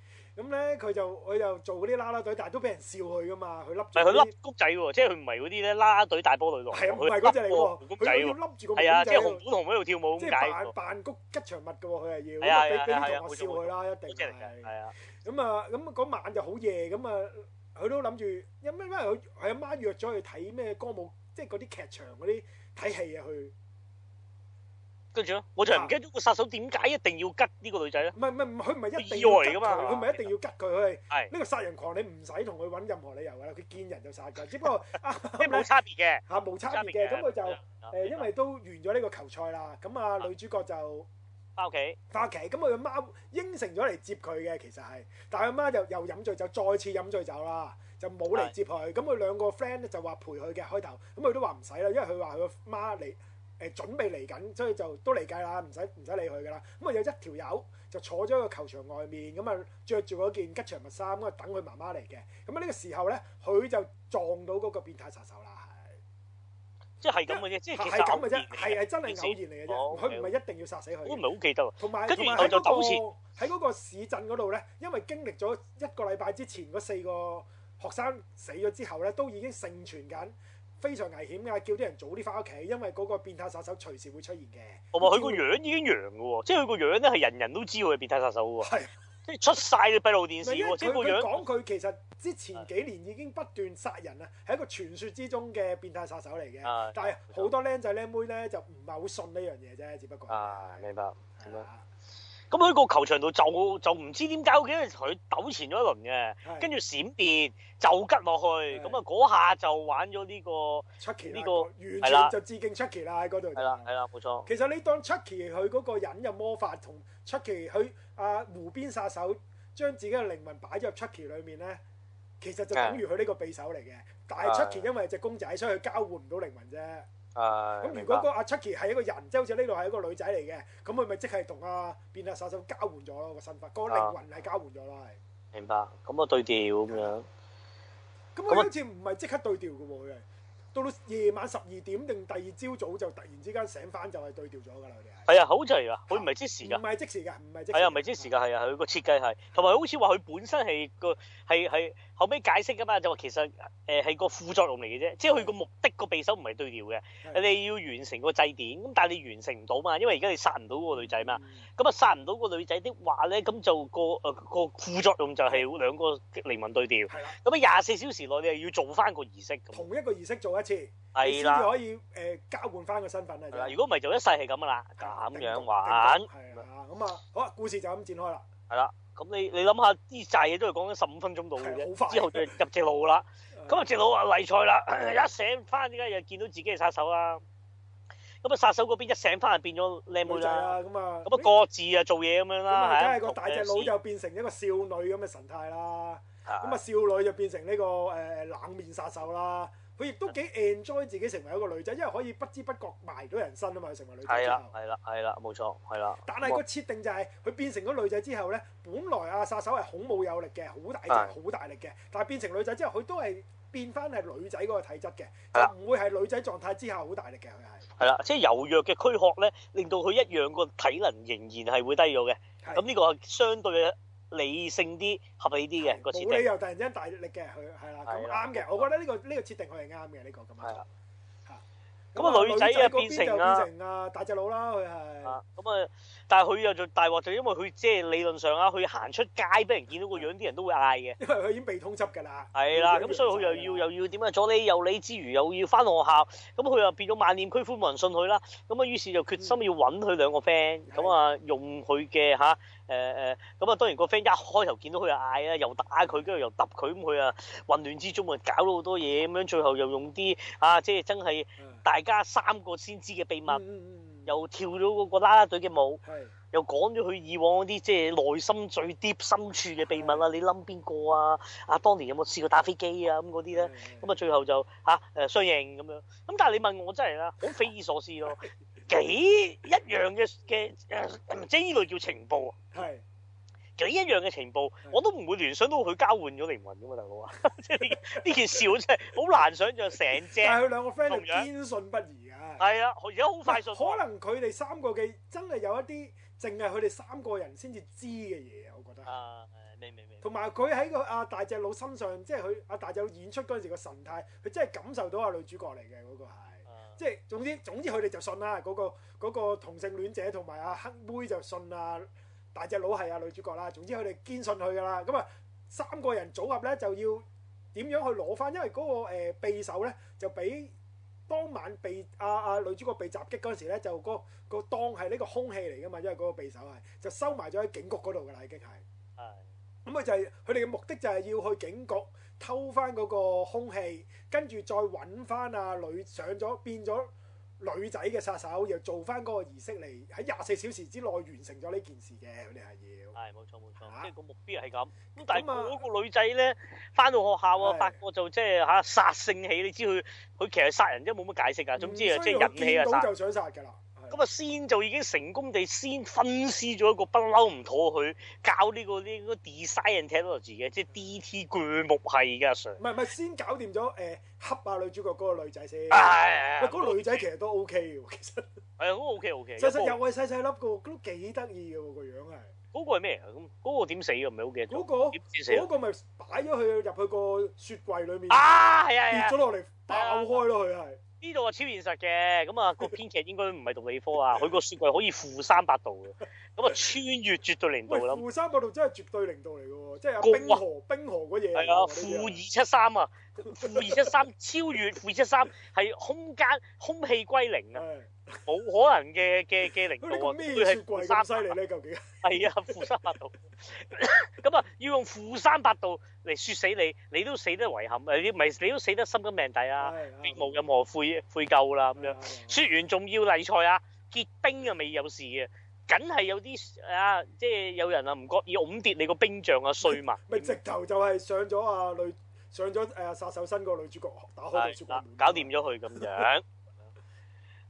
咁咧，佢就佢就做嗰啲啦啦隊，但係都俾人笑佢噶嘛，佢笠唔係佢笠谷仔喎，即係佢唔係嗰啲咧啦啦隊大波女嚟喎，係啊唔係嗰隻嚟喎，佢咁笠住個谷仔，即係紅鼓同喺度跳舞咁解，扮谷吉祥物噶喎，佢係要俾啲同學笑佢啦一定，係啊咁啊咁嗰晚就好夜咁啊，佢都諗住有咩咩？因為佢係阿媽約咗去睇咩歌舞，即係嗰啲劇場嗰啲睇戲啊去。跟住咧，我就唔記得咗個殺手點解一定要吉呢個女仔咧。唔係唔係，佢唔係一定要吉佢，佢唔係一定要吉佢，佢係呢個殺人狂，你唔使同佢揾任何理由噶啦，佢見人就殺㗎。只不過冇差別嘅嚇，冇差別嘅。咁佢就誒，因為都完咗呢個球賽啦。咁啊，女主角就翻屋企，翻屋企。咁佢個媽應承咗嚟接佢嘅，其實係，但係佢媽就又飲醉酒，再次飲醉酒啦，就冇嚟接佢。咁佢兩個 friend 咧就話陪佢嘅開頭，咁佢都話唔使啦，因為佢話佢個媽嚟。誒準備嚟緊，所以就都理解啦，唔使唔使理佢噶啦。咁啊有一條友就坐咗喺個球場外面，咁啊著住嗰件吉祥物衫，咁啊等佢媽媽嚟嘅。咁啊呢個時候咧，佢就撞到嗰個變態殺手啦，係。即係咁嘅啫，即係其實係咁嘅啫，係係真係偶然嚟嘅啫，佢唔係一定要殺死佢。我唔係好記得喎。同埋，跟住喺嗰個喺嗰個市鎮嗰度咧，因為經歷咗一個禮拜之前嗰四個學生死咗之後咧，都已經生存緊，非常危險㗎，叫啲人早啲返屋企，因為嗰個變態殺手隨時會出現嘅。我話佢個樣已經揚㗎喎，即係佢個樣咧係人人都知佢係變態殺手㗎喎。啊、即係出晒啲閉路電視喎。即係佢講佢其實之前幾年已經不斷殺人啊，係一個傳説之中嘅變態殺手嚟嘅。啊、但係好多僆仔僆妹咧就唔係好信呢樣嘢啫，只不過。係、啊，是明白。啊明白。咁喺個球場度就就唔知點解，佢糾纏咗一輪嘅，跟住是的 閃電就吉落去，咁啊嗰下就玩咗呢個出奇呢個，完全就致敬出奇啦喺嗰度。係啦是的，係啦，冇錯。其實你當出奇佢嗰個人有魔法同出奇佢啊湖邊殺手將自己嘅靈魂擺咗入出奇裡面咧，其實就等於佢呢個匕首嚟嘅，是的 但係出奇因為係隻公仔，所以佢交換唔到靈魂啫。咁、啊、如果個阿 Chucky 係一個人，即係好似呢度係一個女仔嚟嘅，咁佢咪即係同阿變態殺手交換咗個身份，個靈魂係交換咗啦，係、啊。明白，咁啊對調咁樣。咁佢好似唔係即刻對調嘅喎，佢係到到夜晚十二點定第二朝早就突然之間醒翻就係對調咗㗎啦，佢哋係。係啊，好似係啊，佢唔係即時㗎。唔係即時㗎，唔係即時。係啊，唔係即時㗎，係啊，佢個設計係，同埋好似話佢本身係個係係。後尾解釋噶嘛，就話其實誒係個副作用嚟嘅啫，即係佢個目的個匕首唔係對調嘅，是的 你要完成個祭典，咁但係你完成唔到嘛，因為而家你殺唔到個女仔嘛，咁啊、嗯、殺唔到個女仔的話咧，咁就個誒個副作用就係兩個靈魂對調，咁啊廿四小時內你係要做翻個儀式，同一個儀式做一次，先至是的 可以誒、呃、交換翻個身份啊！如果唔係做一世係咁噶啦，咁樣話，係啊咁啊，好啊，故事就咁展開啦，係啦。咁你你諗下啲曬嘢都係講緊十五分鐘度嘅啫，之後就入隻佬啦。咁啊隻佬啊擂賽啦， 一醒翻點解又見到自己係殺手啊？咁啊殺手嗰邊一醒翻就變咗靚妹仔啦。咁啊，咁、嗯、啊各自啊做嘢咁樣啦。咁啊，大隻佬又變成一個少女咁嘅神態啦。咁啊、嗯、少女就變成呢、呢個誒、呃、冷面殺手啦。佢亦都幾 enjoy 自己成為一個女仔，因為可以不知不覺埋到人身啊嘛，成為女仔之後。係啦，係啦，冇錯，係啦。但係個設定就係、是、佢變成咗女仔之後呢，本來阿、啊、殺手係好孔武有力嘅，好大隻，好大力嘅。的但係變成女仔之後，佢都係變返係女仔嗰個體質嘅，的就唔會係女仔狀態之下好大力嘅佢係。係啦，即係柔弱嘅軀殼呢，令到佢一樣個體能仍然係會低咗嘅。咁呢的、嗯、個係相對嘅。理性啲，合理啲嘅個設定，你又突然之間大力嘅佢係啦，咁啱嘅。我覺得呢個呢個設定佢係啱嘅呢個咁啊，嚇。咁個女仔啊變成啊大隻佬啦，佢係。咁啊，但係佢又做大鑊就因為佢即係理論上啊，佢行出街俾人見到個樣，啲人都會嗌嘅。因為佢已經被通緝㗎啦。係啦，咁所以佢又要又要點樣？左你右你之餘，又要返學校。咁佢又變咗萬念俱灰，冇人信佢啦。咁啊，於是就決心要揾佢兩個 friend，咁啊，用佢嘅嚇。誒誒，咁啊、呃、當然個 friend 一開頭見到佢就嗌啦，又打佢，跟住又揼佢咁去啊，混亂之中啊搞到好多嘢咁樣，最後又用啲啊即係真係大家三個先知嘅秘密，嗯、又跳咗嗰個啦啦隊嘅舞，是的 又講咗佢以往啲即係內心最 deep 深處嘅秘密啊，是的 你冧邊個啊？啊，當年有冇試過打飛機啊咁嗰啲咧？咁啊是的、嗯、最後就嚇誒相認咁樣，咁但係你問我真係啦，好匪夷所思咯。 幾一樣嘅嘅誒，唔知呢類叫情報啊。係幾一樣嘅情報，我都唔會聯想到佢交換咗靈魂噶嘛，大佬啊！即係呢件事真係好難想像成隻。 但係佢兩個 friend 係樣堅信不疑㗎。係啊，而家好快信。可能佢哋三個嘅真係有一啲，淨係佢哋三個人先至知嘅嘢，我覺得。啊，明明明。同埋佢喺個阿大隻佬身上，即係佢阿大隻佬演出嗰陣時個神態，佢真係感受到阿女主角嚟嘅嗰個即係總之總之佢哋就信啦，嗰個嗰個同性戀者同埋阿黑妹就信啊大隻佬係啊女主角啦。總之佢哋堅信佢噶啦。咁啊三個人組合咧就要點樣去攞翻？因為嗰個誒匕首咧就俾當晚被阿阿女主角被襲擊嗰時咧就個個當係呢個兇器嚟噶嘛，因為嗰個匕首係就收埋咗喺警局嗰度噶啦已經係。係。咁啊就係佢哋嘅目的就係要去警局。偷翻嗰個空氣，跟住再揾翻阿女上咗，變咗女仔嘅殺手，又做翻嗰個儀式嚟喺廿四小時之內完成咗呢件事嘅，佢哋係要。係冇錯冇錯，錯啊、即係個目標係咁。咁但係嗰個女仔咧，翻到學校喎，發覺、啊、就即係嚇、啊、殺性氣，你知佢佢其實殺人即係冇乜解釋㗎，總之啊、就係、即係引起啊殺。咁啊，先就已經成功地先分屍咗一個不嬲唔妥去搞呢個呢個 design technology 嘅，即係 DT 鋸木係噶，Sir。唔係唔係，先搞掂咗誒黑啊女主角嗰個女仔先。係係嗰個女仔其實都 OK 嘅，其實。係啊，OK OK。其實有位細細粒個都幾得意嘅喎，個樣係。嗰個係咩咁嗰個點死㗎？唔係好記得。嗰個點死？嗰個咪擺咗佢入去個雪櫃裡面。啊，係啊跌咗落嚟，爆開咯佢係。呢度係超現實嘅，咁、那、啊個編劇應該唔係讀理科啊，佢個雪櫃可以負三百度㗎。個穿越絕對零度啦！負三百度真係絕對零度嚟嘅喎，那個、即係冰河、冰河嗰嘢。係啊，負二七三啊，負二七三超越負二七三，係空間空氣歸零啊，冇 可能嘅嘅嘅零度啊！咩雪貴咁犀利咧？究竟係啊，負三百度。咁啊，要用負三百度嚟説死你，你都死得遺憾，你唔係你都死得心甘命抵啊，並 無任何悔悔疚啦咁樣。説 完仲要嚟賽啊，結冰啊未有事嘅。梗係有啲啊，即係有人啊唔覺意踎跌你個冰像啊碎埋，咪直頭就係上咗啊女上咗誒、啊、殺手身嗰女主角打開個雪櫃，啊、搞掂咗佢咁樣。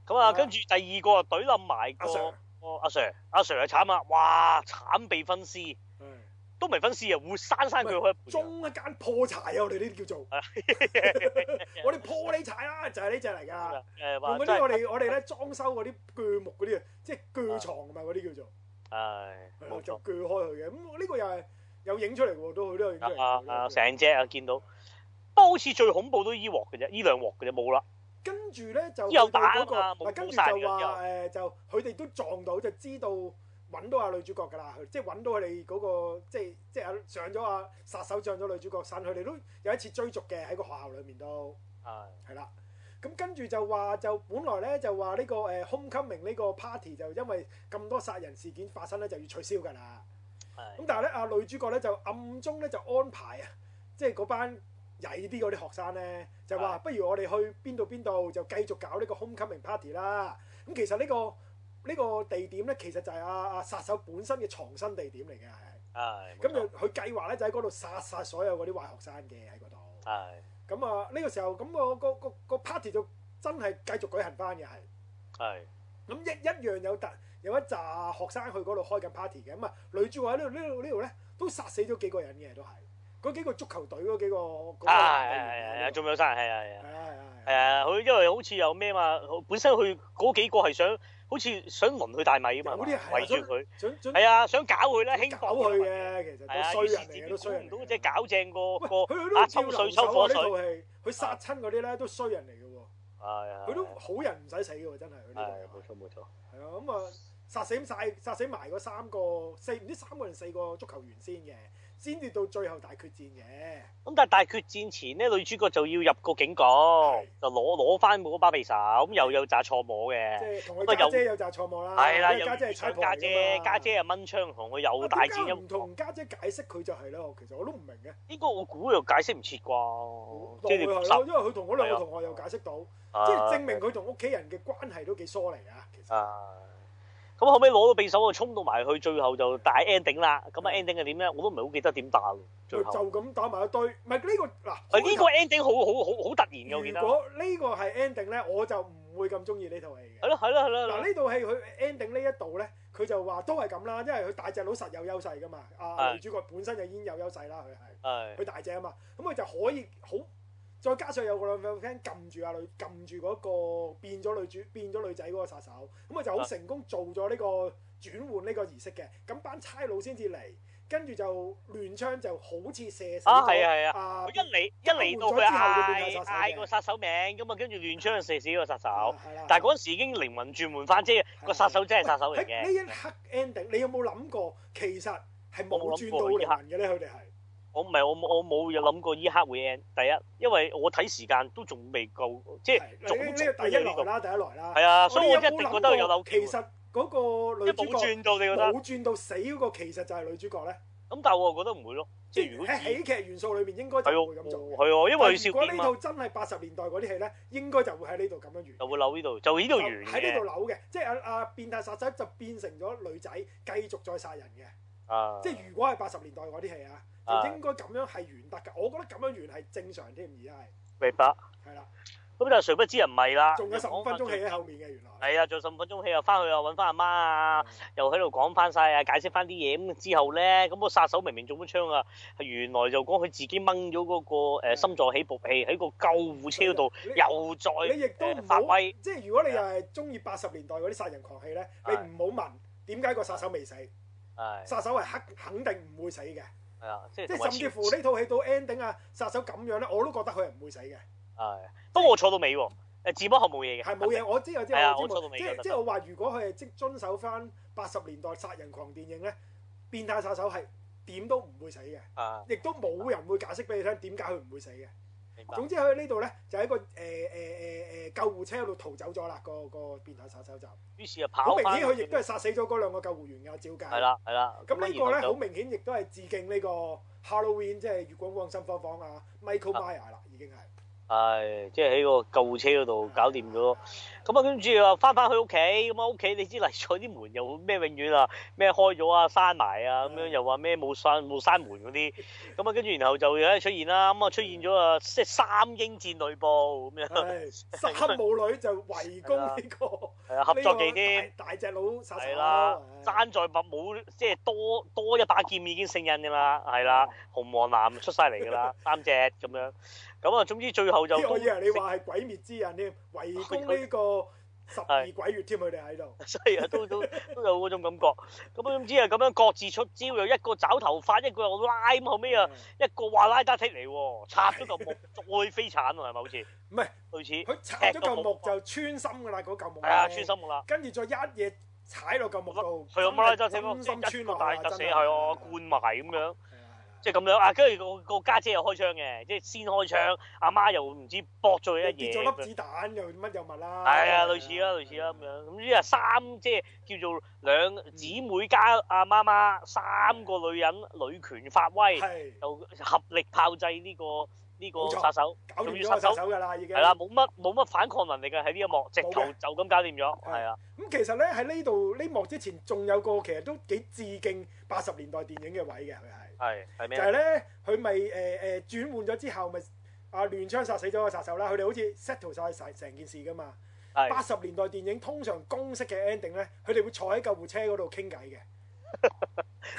咁 啊，跟住第二個啊隊冧埋個阿 Sir，阿 Sir 阿 Sir 慘啊，慘哇慘被分屍。都未分屍啊！會刪刪鋸開中一間破柴啊！我哋呢啲叫做，我哋破你柴啦，就係呢隻嚟噶。誒話即係我哋，我哋咧裝修嗰啲鋸木嗰啲啊，即係鋸床啊嘛，嗰啲叫做。係。冇錯鋸開佢嘅，咁呢個又係有影出嚟喎，都好多嘢。啊啊！成隻啊，見到都好似最恐怖都依鑊嘅啫，依兩鑊嘅啫，冇啦。跟住咧就有個啊！跟住就話。就佢哋都撞到，就知道。揾到阿女主角㗎啦，即係揾到佢哋嗰個，即係即係上咗阿、啊、殺手上咗女主角身，佢哋都有一次追逐嘅喺個學校裏面都係係啦。咁的跟住就話就本來咧就話呢個 Homecoming 呢個 party 就因為咁多殺人事件發生咧就要取消㗎啦。咁的但係咧阿女主角咧就暗中咧就安排啊，即係嗰班曳啲嗰啲學生咧就話不如我哋去邊度邊度就繼續搞呢個 Homecoming party 啦。咁其實呢個呢個地點咧，其實就係阿阿殺手本身嘅藏身地點嚟嘅，係。係。咁佢佢計劃咧就喺嗰度殺殺所有嗰啲壞學生嘅，喺嗰度。係。咁啊，呢個時候咁個個個個 party 就真係繼續舉行返嘅，係。係。咁一一樣有集有一集學生去嗰度開緊 party 嘅，咁啊女主喺呢度呢度呢度咧都殺死咗幾個人嘅，都係。嗰幾個足球隊嗰幾個。係係係。仲有生人係啊係啊。係係。誒，佢因為好似有咩嘛，本身佢嗰幾個係想。好似想輪佢大米啊嘛，圍住佢，係啊，想搞佢咧，興搞佢嘅其實，衰人嚟都衰唔到，即係搞正個佢都抽水抽火水，呢套戲佢殺親嗰啲咧都衰人嚟嘅喎，係啊，佢都好人唔使死嘅喎，真係，冇錯冇錯，係啊，咁啊，殺死曬，殺死埋嗰三個四唔知三個定四個足球員先嘅。先至到最後大決戰嘅。咁但係大決戰前咧，女主角就要入個警局，的就攞攞翻嗰把匕首，咁又有炸錯幕嘅。即係同佢家姐有炸錯幕啦。係啦、嗯，又家姐家姐又掹槍同佢有大戰一場，唔同家姐解釋佢就係咯，其實我都唔明嘅。應該我估又解釋唔切啩。即係實因為佢同嗰兩個同學又解釋到，uh, 即係證明佢同屋企人嘅關係都幾疏離啊。其實。Uh, 咁後尾攞到匕首，我衝到埋去，最後就大 ending 啦。咁啊 ending 係點咧？我都唔係好記得點打。最後就咁打埋一堆，唔係呢個嗱。啊呢個 ending 好好好好突然嘅，我記得。如果個呢個係 ending 咧，我就唔會咁中意呢套戲嘅。係咯係咯係咯。嗱呢套戲佢 ending 呢一度咧，佢就話都係咁啦，因為佢大隻佬實有優勢噶嘛。的啊女主角本身就已經有優勢啦，佢係。係的。佢大隻啊嘛，咁、嗯、佢就可以好。再加上有個兩位 friend 撳住阿、啊、女，撳住嗰個變咗女主、變咗女仔嗰個殺手，咁啊就好成功做咗呢個轉換呢個儀式嘅。咁班差佬先至嚟，跟住就亂槍就好似射死咗。啊，係啊一嚟一嚟到之後，就變咗殺手嘅。嗌個殺手名咁啊，跟住亂槍射死個殺手。係啦、啊。但係嗰陣時已經靈魂轉換翻，即係個殺手真係殺手嚟嘅。呢一刻 ending，你有冇諗過其實係冇轉到嚟嘅咧？佢哋係。我唔係我冇我冇有諗過依刻會 end。第一，因為我睇時間都仲未夠，即係。總之的第一來啦、這個，第一來啦。係啊的，所以我一定覺得有，有其實嗰個女主角冇轉到死嗰個，其實就係女主角咧。咁但係我覺得唔會咯。即係是如果喺喜劇元素裏面應該就會咁做。係喎，因為笑點如果呢套真係八十年代嗰啲戲咧，應該就會喺呢度咁樣完就。就會扭呢度，就呢度完。喺呢度扭嘅，即係阿阿變態殺仔就變成咗女仔，繼續再殺人嘅。啊！即係如果係八十年代嗰啲戲啊，就應該咁樣係完得噶。我覺得咁樣完係正常添，而家係明白係啦。咁就誰不知人唔係啦，仲有十五分鐘戲喺後面嘅原來係啊，仲有十五分鐘戲又翻去，又搵翻阿媽啊，又喺度講翻晒啊，解釋翻啲嘢咁之後咧，咁個殺手明明中咗槍啊，係原來就講佢自己掹咗嗰個誒心臟起搏器喺個救護車度，又再你亦都唔發威。即係如果你又係中意八十年代嗰啲殺人狂戲咧，你唔好問點解個殺手未死。殺手係肯肯定唔會死嘅，係啊，即係即係甚至乎呢套戲到 ending 啊，殺手咁樣咧，我都覺得佢係唔會死嘅。係，不過我坐到尾喎，誒，只不過冇嘢嘅，係冇嘢，我知啊知啊，我坐到尾，即係即係我話，如果佢係即遵守翻八十年代殺人狂電影咧，變態殺手係點都唔會死嘅，啊，亦都冇人會解釋俾你聽點解佢唔會死嘅。總之喺呢度咧，就喺個誒誒誒誒救護車嗰度逃走咗啦，嗰個、嗰個變態殺手就，於是跑，好明顯佢亦都係殺死咗嗰兩個救護員嘅，照計係啦係啦。咁呢個咧好明顯亦都係致敬呢個 Halloween，即係月光光心慌慌啊 Michael Myers 啦、啊，已經係。係、啊，即係喺個救護車嗰度搞掂咗。啊啊啊咁啊，跟住話翻返去屋企，咁啊屋企你知嚟咗啲門又咩永遠啊，咩開咗啊，閂埋啊，咁樣又話咩冇閂冇閂門嗰啲，咁啊 跟住然後就有出現啦，咁啊出現咗啊，即係三英戰呂布咁樣， 三母女就圍攻呢個，係啊啦 合作技添，大隻佬殺神哥，爭在冇即係多多一把劍已經勝人㗎啦，係 啦，紅黃藍出晒嚟㗎啦， 三隻咁樣，咁啊總之最後就 你話係鬼滅之人添，圍攻呢個。 他 十二鬼月添，佢哋喺度，係啊，都都都有嗰種感覺。咁總之啊，咁樣各自出招，又一個抓頭髮，一個又拉咁，後尾啊，一個話拉扎剔嚟喎，插咗嚿木，再飛鏟啊，係咪好似？唔係，類似。佢插咗嚿木就穿心㗎啦，嗰嚿木。係啊，穿心木啦。跟住再一嘢踩落嚿木度。係啊，拉扎剔，穿心穿落嚟，真大死係灌埋咁樣。即係咁樣啊！跟住個個家姐又開槍嘅，即係先開槍。阿媽又唔知搏咗佢一嘢，跌咗粒子彈，又乜又乜啦。係啊，類似啦，類似啦咁樣。咁於是啊，三即係叫做兩姊妹加阿媽媽三個女人女權發威，又合力炮製呢個呢個殺手，終於殺手嘅啦已經係啦，冇乜冇乜反抗能力嘅，喺呢一幕，直頭就咁搞掂咗係啊。咁其實咧，喺呢度呢幕之前仲有個其實都幾致敬八十年代電影嘅位嘅，又係。係，就係咧，佢咪誒誒轉換咗之後，咪阿亂槍殺死咗個殺手啦。佢哋好似 settle 曬成件事㗎嘛。八十年代電影通常公式嘅 ending 咧，佢哋會坐喺救護車嗰度傾偈嘅。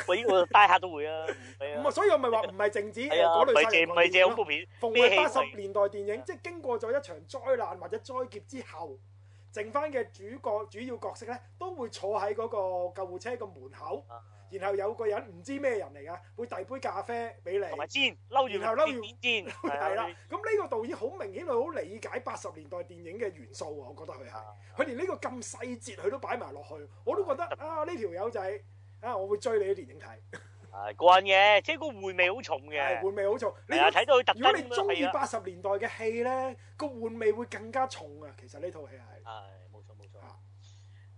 我依個低客都會啊。唔係，所以我咪話唔係靜止嗰類西。係啊，恐怖片。逢八十年代電影，即係經過咗一場災難或者災劫之後，剩翻嘅主角主要角色咧，都會坐喺嗰個救護車嘅門口，然後有個人唔知咩人嚟噶，會遞杯咖啡俾你，同埋煎，然後嬲完煎，係啦。咁呢個導演好明顯佢好理解八十年代電影嘅元素喎，我覺得佢係，佢連呢個咁細節佢都擺埋落去，我都覺得啊呢條友仔啊，我會追你啲電影睇。係慣嘅，即係個回味好重嘅，回味好重。你睇到如果你中意八十年代嘅戲咧，個回味會更加重啊。其實呢套戲係。係。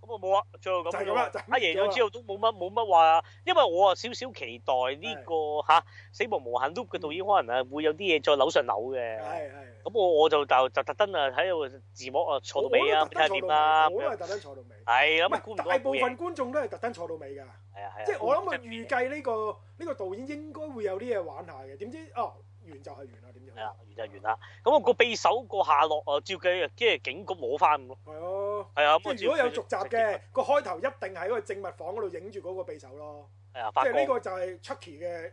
咁啊冇啊，最後咁阿爺養之後都冇乜冇乜話，因為我啊少少期待呢個嚇係《死亡無限 Loop》嘅導演可能啊會有啲嘢再扭上扭嘅。係係。咁我我就就就特登啊喺度字幕啊坐到尾啊，睇下點啦。我都係特登坐到尾。係啊，大部分觀眾都係特登坐到尾㗎。係啊係啊。即係我諗啊、呢個，預計呢個呢個導演應該會有啲嘢玩下嘅，點知哦。完就係完啦，點樣？係啊，完就完啦。咁啊、嗯，個匕首個下落啊，照計即係警局摸翻咁咯。係哦。係啊，如果有續集嘅，個開頭一定喺個證物房嗰度影住嗰個匕首咯。係啊，即係呢個就係 Chucky 嘅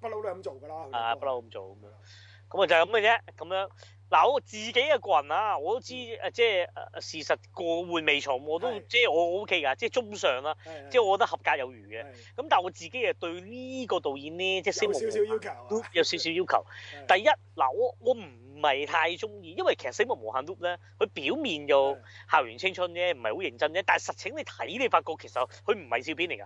不嬲都係咁做㗎啦。啊，不嬲咁做咁樣。咁啊，就係咁嘅啫，咁樣。嗱，我自己一個人啊，我都知，誒、啊，即係、啊、事實過會未錯，我都是即係我 OK 㗎，即係中上啦、啊，的即係我覺得合格有餘嘅。咁的但係我自己啊對呢個導演呢，即係少少、啊、少少要求，有少少要求。第一，嗱，我我唔係太中意，的因為其實《死亡無限 Loop》咧，佢表面又校園青春啫，唔係好認真啫，但係實情你睇你，你發覺其實佢唔係笑片嚟㗎。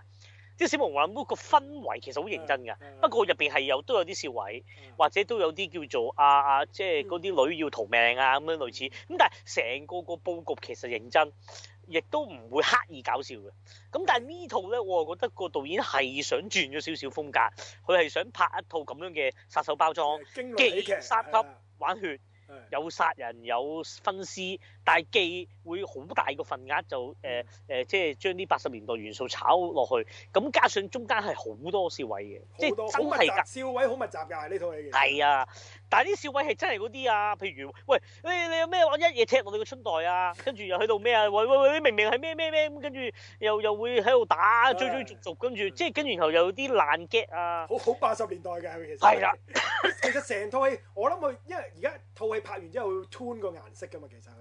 即係小無賴，嗰、那個氛圍其實好認真㗎。嗯嗯、不過入邊係有都有啲笑位，嗯、或者都有啲叫做啊啊，即係嗰啲女要逃命啊咁樣類似。咁但係成個個佈局其實認真，亦都唔會刻意搞笑嘅。咁但係呢套咧，我覺得個導演係想轉咗少少風格，佢係想拍一套咁樣嘅殺手包裝，驚慄喜劇，既三級玩血，有殺人，有分屍。但係，既會好大個份額就誒誒、呃呃，即係將啲八十年代元素炒落去。咁加上中間係好多笑位嘅，多即係真係噶笑位好密集㗎。呢套戲係啊，但係啲笑位係真係嗰啲啊。譬如喂，你，你有咩話一嘢踢落你個春袋啊？跟住又喺度咩啊？喂喂喂，你明明係咩咩咩咁，跟住又又會喺度打，啊、追追逐逐，跟住即係跟住然後又有啲爛 get 啊！好好八十年代嘅其實係啦，其實成套戲我諗佢，因為而家套戲拍完之後會 tune 個顏色㗎嘛，其實。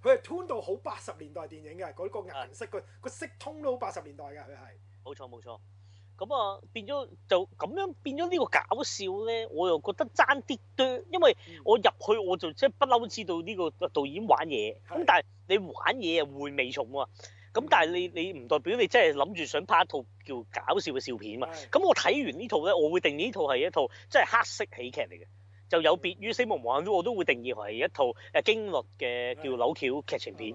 佢係 turn 到好八十年代電影嘅，嗰、嗰個顏色佢、嗯、個色通都好八十年代嘅，佢係。冇錯冇錯，咁啊變咗就咁樣變咗呢個搞笑咧，我又覺得爭啲多，因為我入去我就即係不嬲知道呢個導演玩嘢，咁是的 但係你玩嘢啊會味重啊，咁但係你你唔代表你真係諗住想拍一套叫搞笑嘅笑片嘛，咁是的 我睇完呢套咧，我會定呢套係一套即係黑色喜劇嚟嘅。就有別於死亡無限，我都會定義為一套誒驚慄嘅叫扭橋劇情片，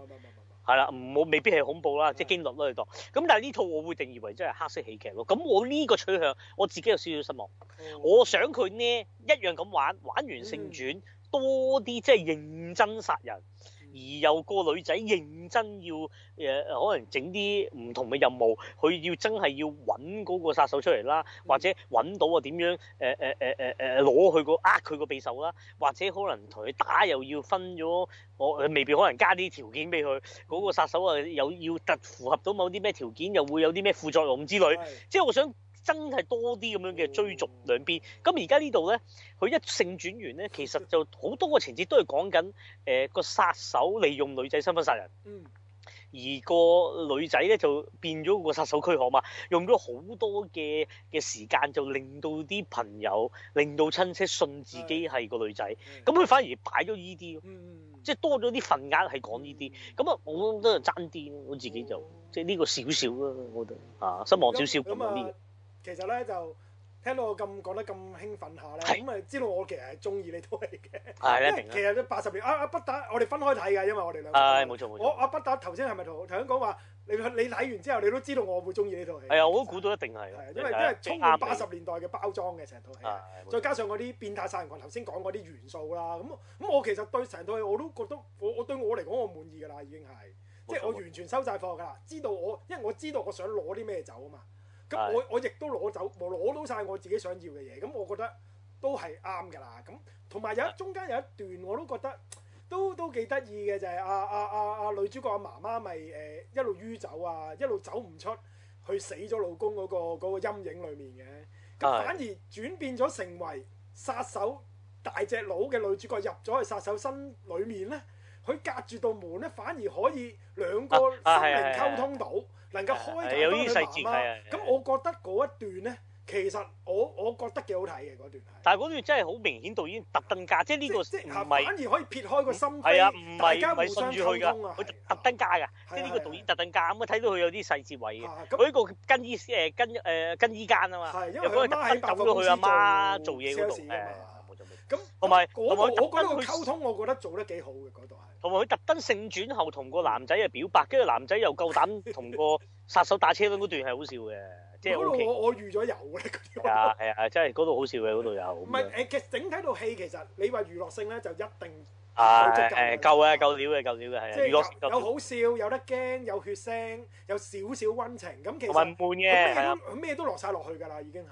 係啦、嗯，我、嗯嗯嗯嗯、未必係恐怖啦，即係驚慄咯，你當。咁但係呢套我會定義為即係黑色喜劇咯。咁我呢個取向，我自己有少少失望。我想佢呢一樣咁玩，玩完性轉多啲，即、就、係、是、認真殺人。而有個女仔認真要誒、呃，可能整啲唔同嘅任務，佢要真係要揾嗰個殺手出嚟啦，或者揾到啊點樣誒誒誒誒誒攞佢個呃佢個匕首啦，或者可能同佢打又要分咗，我、呃、未必可能加啲條件俾佢，嗰、嗰個殺手啊又要特符合到某啲咩條件，又會有啲咩副作用之類，即係我想。真係多啲咁樣嘅追逐兩邊咁。而家呢度咧，佢一性轉完咧，其實就好多個情節都係講緊誒個殺手利用女仔身份殺人，嗯，而個女仔咧就變咗個殺手軀殼啊嘛，嗯、用咗好多嘅嘅時間就令到啲朋友、令到親戚信自己係個女仔，咁、嗯、佢反而擺咗呢啲，嗯、即係多咗啲份額係講呢啲咁啊。我都係爭啲咯，我自己就即係呢個少少啦。我覺得嚇失望少少咁樣呢。嗯嗯嗯。其實咧就聽到我咁講得咁興奮下咧，咁啊是知道我其實係中意呢套戲嘅。係咧、啊，其實都八十年啊阿不打，我哋分開睇嘅，因為我哋兩個。係冇錯冇錯。錯我阿、啊、不打頭先係咪同我頭先講話？你你睇完之後，你都知道我會中意呢套戲。係啊，我都估到一定係。係啊，因為因為充滿八十年代嘅包裝嘅成套戲，再加上嗰啲變態殺人狂頭先講嗰啲元素啦，咁咁我其實對成套戲我都覺得我我對我嚟講我滿意㗎啦，已經係即係我完全收晒貨㗎啦，知道我因為我知道我想攞啲咩走啊嘛。咁我對我亦都攞走，攞到晒我自己想要嘅嘢，咁我覺得都係啱㗎啦。咁同埋有一中間有一段我都覺得都都幾得意嘅就係阿阿阿阿女主角阿媽媽咪誒一路於走啊，一路走唔出去死咗老公嗰個嗰個陰影裡面嘅，咁反而轉變咗成為殺手大隻佬嘅女主角入咗去殺手身裡面咧，佢隔住道門咧反而可以兩個心靈溝通到。啊啊能夠開頭幫佢媽媽，咁我覺得嗰一段咧，其實我我覺得幾好睇嘅嗰段。但係嗰段真係好明顯，導演特登加，即係呢個唔係反而可以撇開個心態，係啊，唔係唔係順住佢㗎，佢特登加㗎，即係呢個導演特登加咁啊，睇到佢有啲細節位嘅。佢嗰個跟衣誒跟誒跟衣間啊嘛，因為佢特登揼咗佢阿媽做嘢嗰度誒。咁同埋同埋，我覺得佢溝通，我覺得做得幾好嘅度。同埋佢特登性轉後同個男仔啊表白，跟住男仔又夠膽同個殺手打車嗰段係好笑嘅，即係、OK、我我預咗有呢嗰段。係啊係啊即係嗰度好笑嘅，嗰度有。唔係誒，呃、其實整體套戲其實你話娛樂性咧就一定係誒夠嘅、啊欸，夠料嘅，夠料嘅係。夠夠即係有有好笑，有得驚，有血腥，有少少溫情。咁其實唔悶嘅。佢咩都，咩都落晒落去㗎啦，已經係。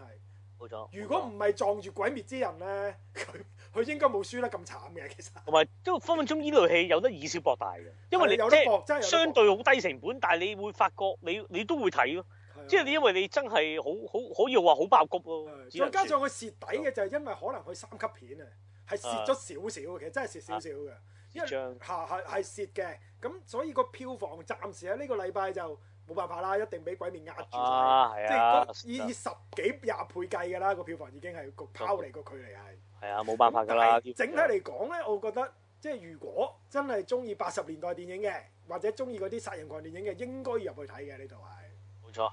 冇錯。冇錯如果唔係撞住鬼滅之人咧，佢。佢應該冇輸得咁慘嘅，其實同埋都分分鐘呢套戲有得以小博大嘅，因為你有即係相對好低成本，但係你會發覺你你都會睇咯，即係你因為你真係好好好可以話好爆谷咯。再加上佢蝕底嘅就係因為可能佢三級片啊，係蝕咗少少嘅，其實真係蝕少少嘅，一張嚇係係蝕嘅，咁所以個票房暫時喺呢個禮拜就冇辦法啦，一定俾鬼滅壓住啊，即係以以十幾廿倍計㗎啦，個票房已經係個拋離個距離係。係啊，冇辦法噶啦。但係整體嚟講咧，我覺得即係如果真係中意八十年代電影嘅，或者中意嗰啲殺人狂電影嘅，應該要入去睇嘅呢度係。冇錯錯。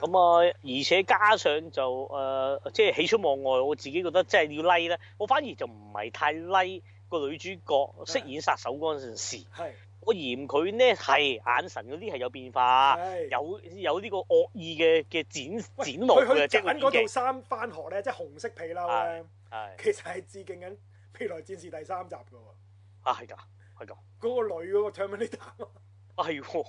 咁啊的、嗯，而且加上就誒，即、呃、係、就是、喜出望外。我自己覺得即係要 like 咧，我反而就唔係太 like 個女主角飾演殺手嗰陣時。係。我嫌佢呢係眼神嗰啲係有變化，的有有呢個惡意嘅嘅展展露即係演技。佢去揾嗰套衫返學咧，即係紅色皮褸其實係致敬緊《未來戰士》第三集噶喎，啊係噶，係噶，嗰個女嗰個 Terminator 啊係喎，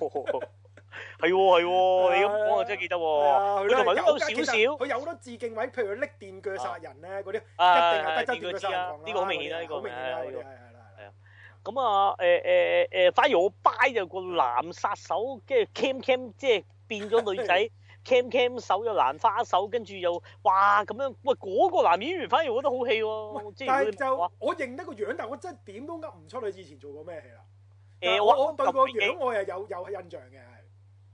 係喎，係喎，你咁講我真係記得喎，佢同佢有少少，佢有好多致敬位，譬如佢拎電鋸殺人咧嗰啲，一定係得真電鋸殺人，呢個好明顯啦，呢個係啦係啦係啦，係啊，咁啊誒誒誒反而我 by 就個男殺手即係 cam cam 即係變咗女仔。Cam, cam 手又蘭花手，跟住又哇咁樣，喂，嗰個男演員反而我覺得好戲喎。但係就我認得個樣，但我真係點都噏唔出佢以前做過咩戲啦。誒，我對個樣時我又有有印象嘅。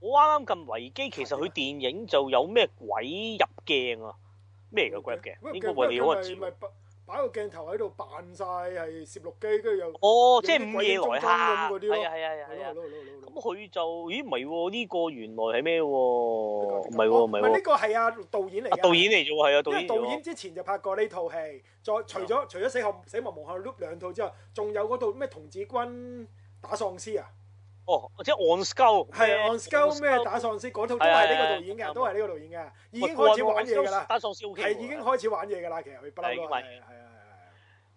我啱啱咁維基，其實佢電影就有咩鬼入鏡啊？咩嚟嘅鬼入鏡？應該話你好啊，知。打個鏡頭喺度扮曬係攝錄機，跟住又哦，即係午夜來嚇咁嗰啲咯，係啊係啊係啊。咁佢就咦唔係喎？呢個原來係咩喎？唔係喎，唔係喎。唔係呢個係啊導演嚟啊，導演嚟啫喎，係啊導演。因為導演之前就拍過呢套戲，再除咗除咗死亡死亡無限 loop 兩套之外，仲有嗰套咩童子軍打喪屍啊？哦，即係 on scale 係 on scale 咩打喪屍？嗰套就係呢個導演嘅，都係呢個導演嘅。已經開始玩嘢㗎啦，係已經開始玩嘢㗎啦。其實佢不嬲都係。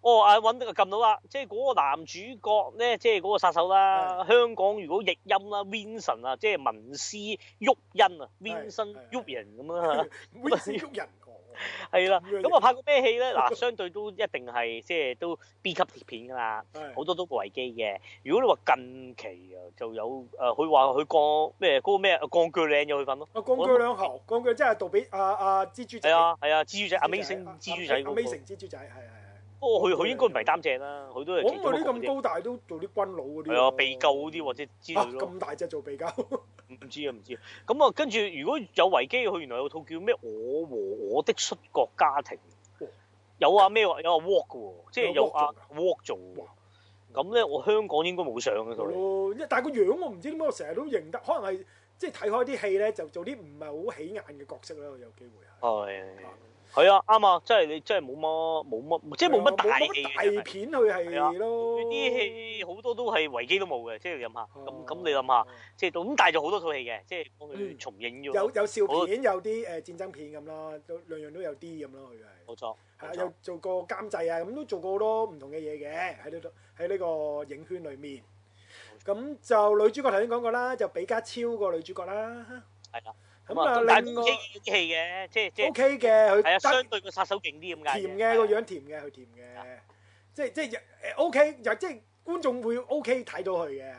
哦，阿揾得個撳到啦，即係嗰個男主角咧，即係嗰個殺手啦。香港如果譯音啦 Vincent 啊，即係文斯沃恩啊 Vincent 人咁啦嚇。文斯沃人講。係啦，咁啊，拍過咩戲咧？嗱，相對都一定係即係都 B 級片片啦，好多都違紀嘅。如果你話近期啊，就有誒，佢話佢降咩嗰個咩鋼鋸嶺嘅佢份咯。鋼鋸嶺後，鋼鋸即係杜比阿蜘蛛仔。係啊係啊，蜘蛛仔 Amazing 蜘蛛仔嗰 Amazing 蜘蛛仔，係係。哦，佢佢應該唔係擔正啦，佢都係。我覺得啲咁高大都做啲軍佬嗰啲。係啊，備救嗰啲或者知道咁大隻做備救？唔知啊，唔知。咁啊，跟住如果有維基，佢原來有套叫咩？我和我的摔角家庭。有啊咩？有啊 Walk 嘅喎，即係有啊 Walk 做。咁咧，我香港應該冇上嘅到你。但係個樣我唔知點解，我成日都認得，可能係即係睇開啲戲咧，就做啲唔係好起眼嘅角色啦，有機會係。係。係啊，啱啊，即係你，真係冇乜，冇乜，即係冇乜大大片去係咯。啲戲好多都係維基都冇嘅，即係諗下。咁咁你諗下，即係都咁帶咗好多套戲嘅，即係幫佢重影咗。有有笑片，有啲誒戰爭片咁啦，都兩樣都有啲咁咯，佢係。冇錯，係啊，有做過監製啊，咁都做過好多唔同嘅嘢嘅喺呢度，喺呢個影圈裏面。咁就女主角頭先講過啦，就比嘉超過女主角啦。係啊。咁啊，另一啲戲嘅，即即 O K 嘅，佢係啊相對個殺手勁啲咁解。甜嘅個樣，甜嘅佢甜嘅，即即誒 O K，又即觀眾會 O K 睇到佢嘅係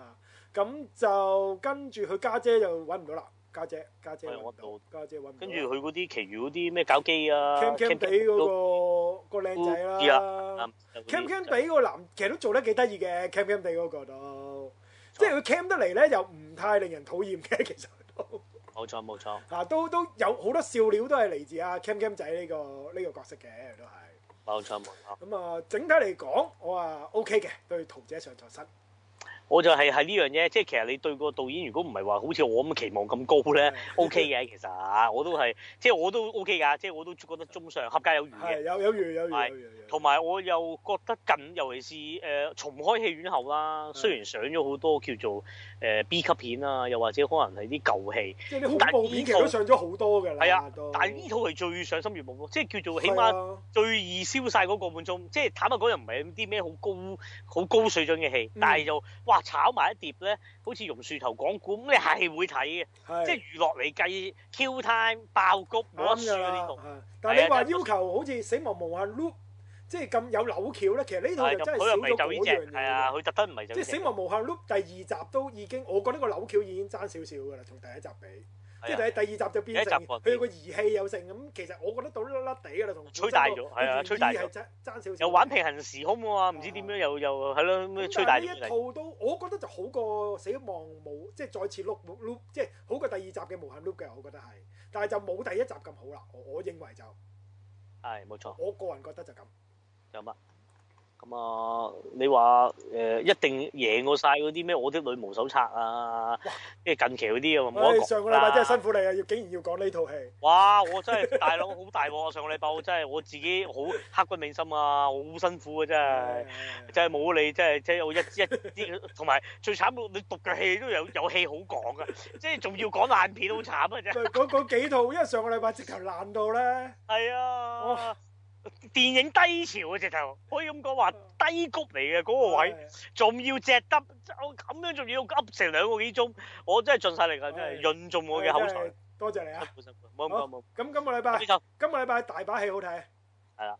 啊。咁就跟住佢家姐就揾唔到啦，家姐家姐揾唔到，家姐揾唔到。跟住佢嗰啲，其餘嗰啲咩搞機啊？Cam Cam 比嗰個個靚仔啦，Cam Cam 比嗰個男其實都做得幾得意嘅，Cam Cam 比嗰個都，即係佢 Cam 得嚟咧又唔太令人討厭嘅其實都。冇錯冇錯，嚇、啊、都都有好多笑料都係嚟自阿、啊啊、Cam Cam 仔呢、呢個呢、呢個角色嘅都係，冇錯冇錯，咁、嗯、啊整體嚟講我啊 OK 嘅對屠姐上錯身。我就係係呢樣嘢，即係其實你對個導演如果唔係話好似我咁期望咁高咧的，OK 嘅其實我都係，即係我都 OK 㗎，即係我都覺得中上合格有餘嘅，有有餘的有餘同埋我又覺得近尤其是誒、呃、重開戲院後啦，雖然上咗好多的叫做誒 B 級片啊，又或者可能係啲舊戲，但係啲恐怖片其實都上咗好多㗎，係啊，但係呢套係最賞心悅目即係叫做起碼最易消晒嗰個半鐘，即係的坦白講又唔係啲咩好高好高水準嘅戲，嗯、但係就哇～炒埋一碟咧，好似榕樹頭講古，咁你係會睇嘅，的即係娛樂嚟計。Q time 爆谷冇得輸啊！呢套裡的你話要求好似的死亡無限 loop，的即係是咁有扭橋咧，其實呢套就真係少咗嗰樣嘢。係啊，佢特登唔係就。即係死亡無限 loop 第二集都已經，我覺得個扭橋已經爭少少噶啦，同第一集比。即係第二集就變成，佢有個儀器又成咁，其實我覺得到甩甩地㗎啦，同吹大咗，係啊，吹大，爭少少又玩平行時空啊？唔知點樣又、啊、又係咯咁吹大。但係呢一套都，我覺得就好過死亡無，即係再次碌碌，即係好過第二集嘅無限 loop 嘅，我覺得係。但係就冇第一集咁好啦，我我認為就係冇、哎、錯。我個人覺得就咁。有乜？咁啊，你話誒、呃、一定贏過晒嗰啲咩？我的女模手冊啊，即係寫近期嗰啲啊，我、哎、上個禮拜真係辛苦你啊！要竟然要講呢套戲，哇！我真係大佬好大鑊！上個禮拜我真係我自己好刻骨銘心啊，我好辛苦啊，真係寫，真係冇你真係真係我一知寫一知，同埋最慘到你讀嘅戲都有有戲好講嘅，即係仲要講爛片，好慘啊！真係嗰嗰幾套，因為上個禮拜直頭爛到咧，係啊。電影低潮嘅直頭可以咁講話低谷嚟嘅嗰個位，仲、哦、要只得就咁樣，仲要噏成兩個幾鐘，我真係盡晒力啦，哦、真係潤盡我嘅口才，多謝你啊，辛苦辛苦，冇冇冇，咁好今個禮拜今個禮拜大把戲好睇，係啦。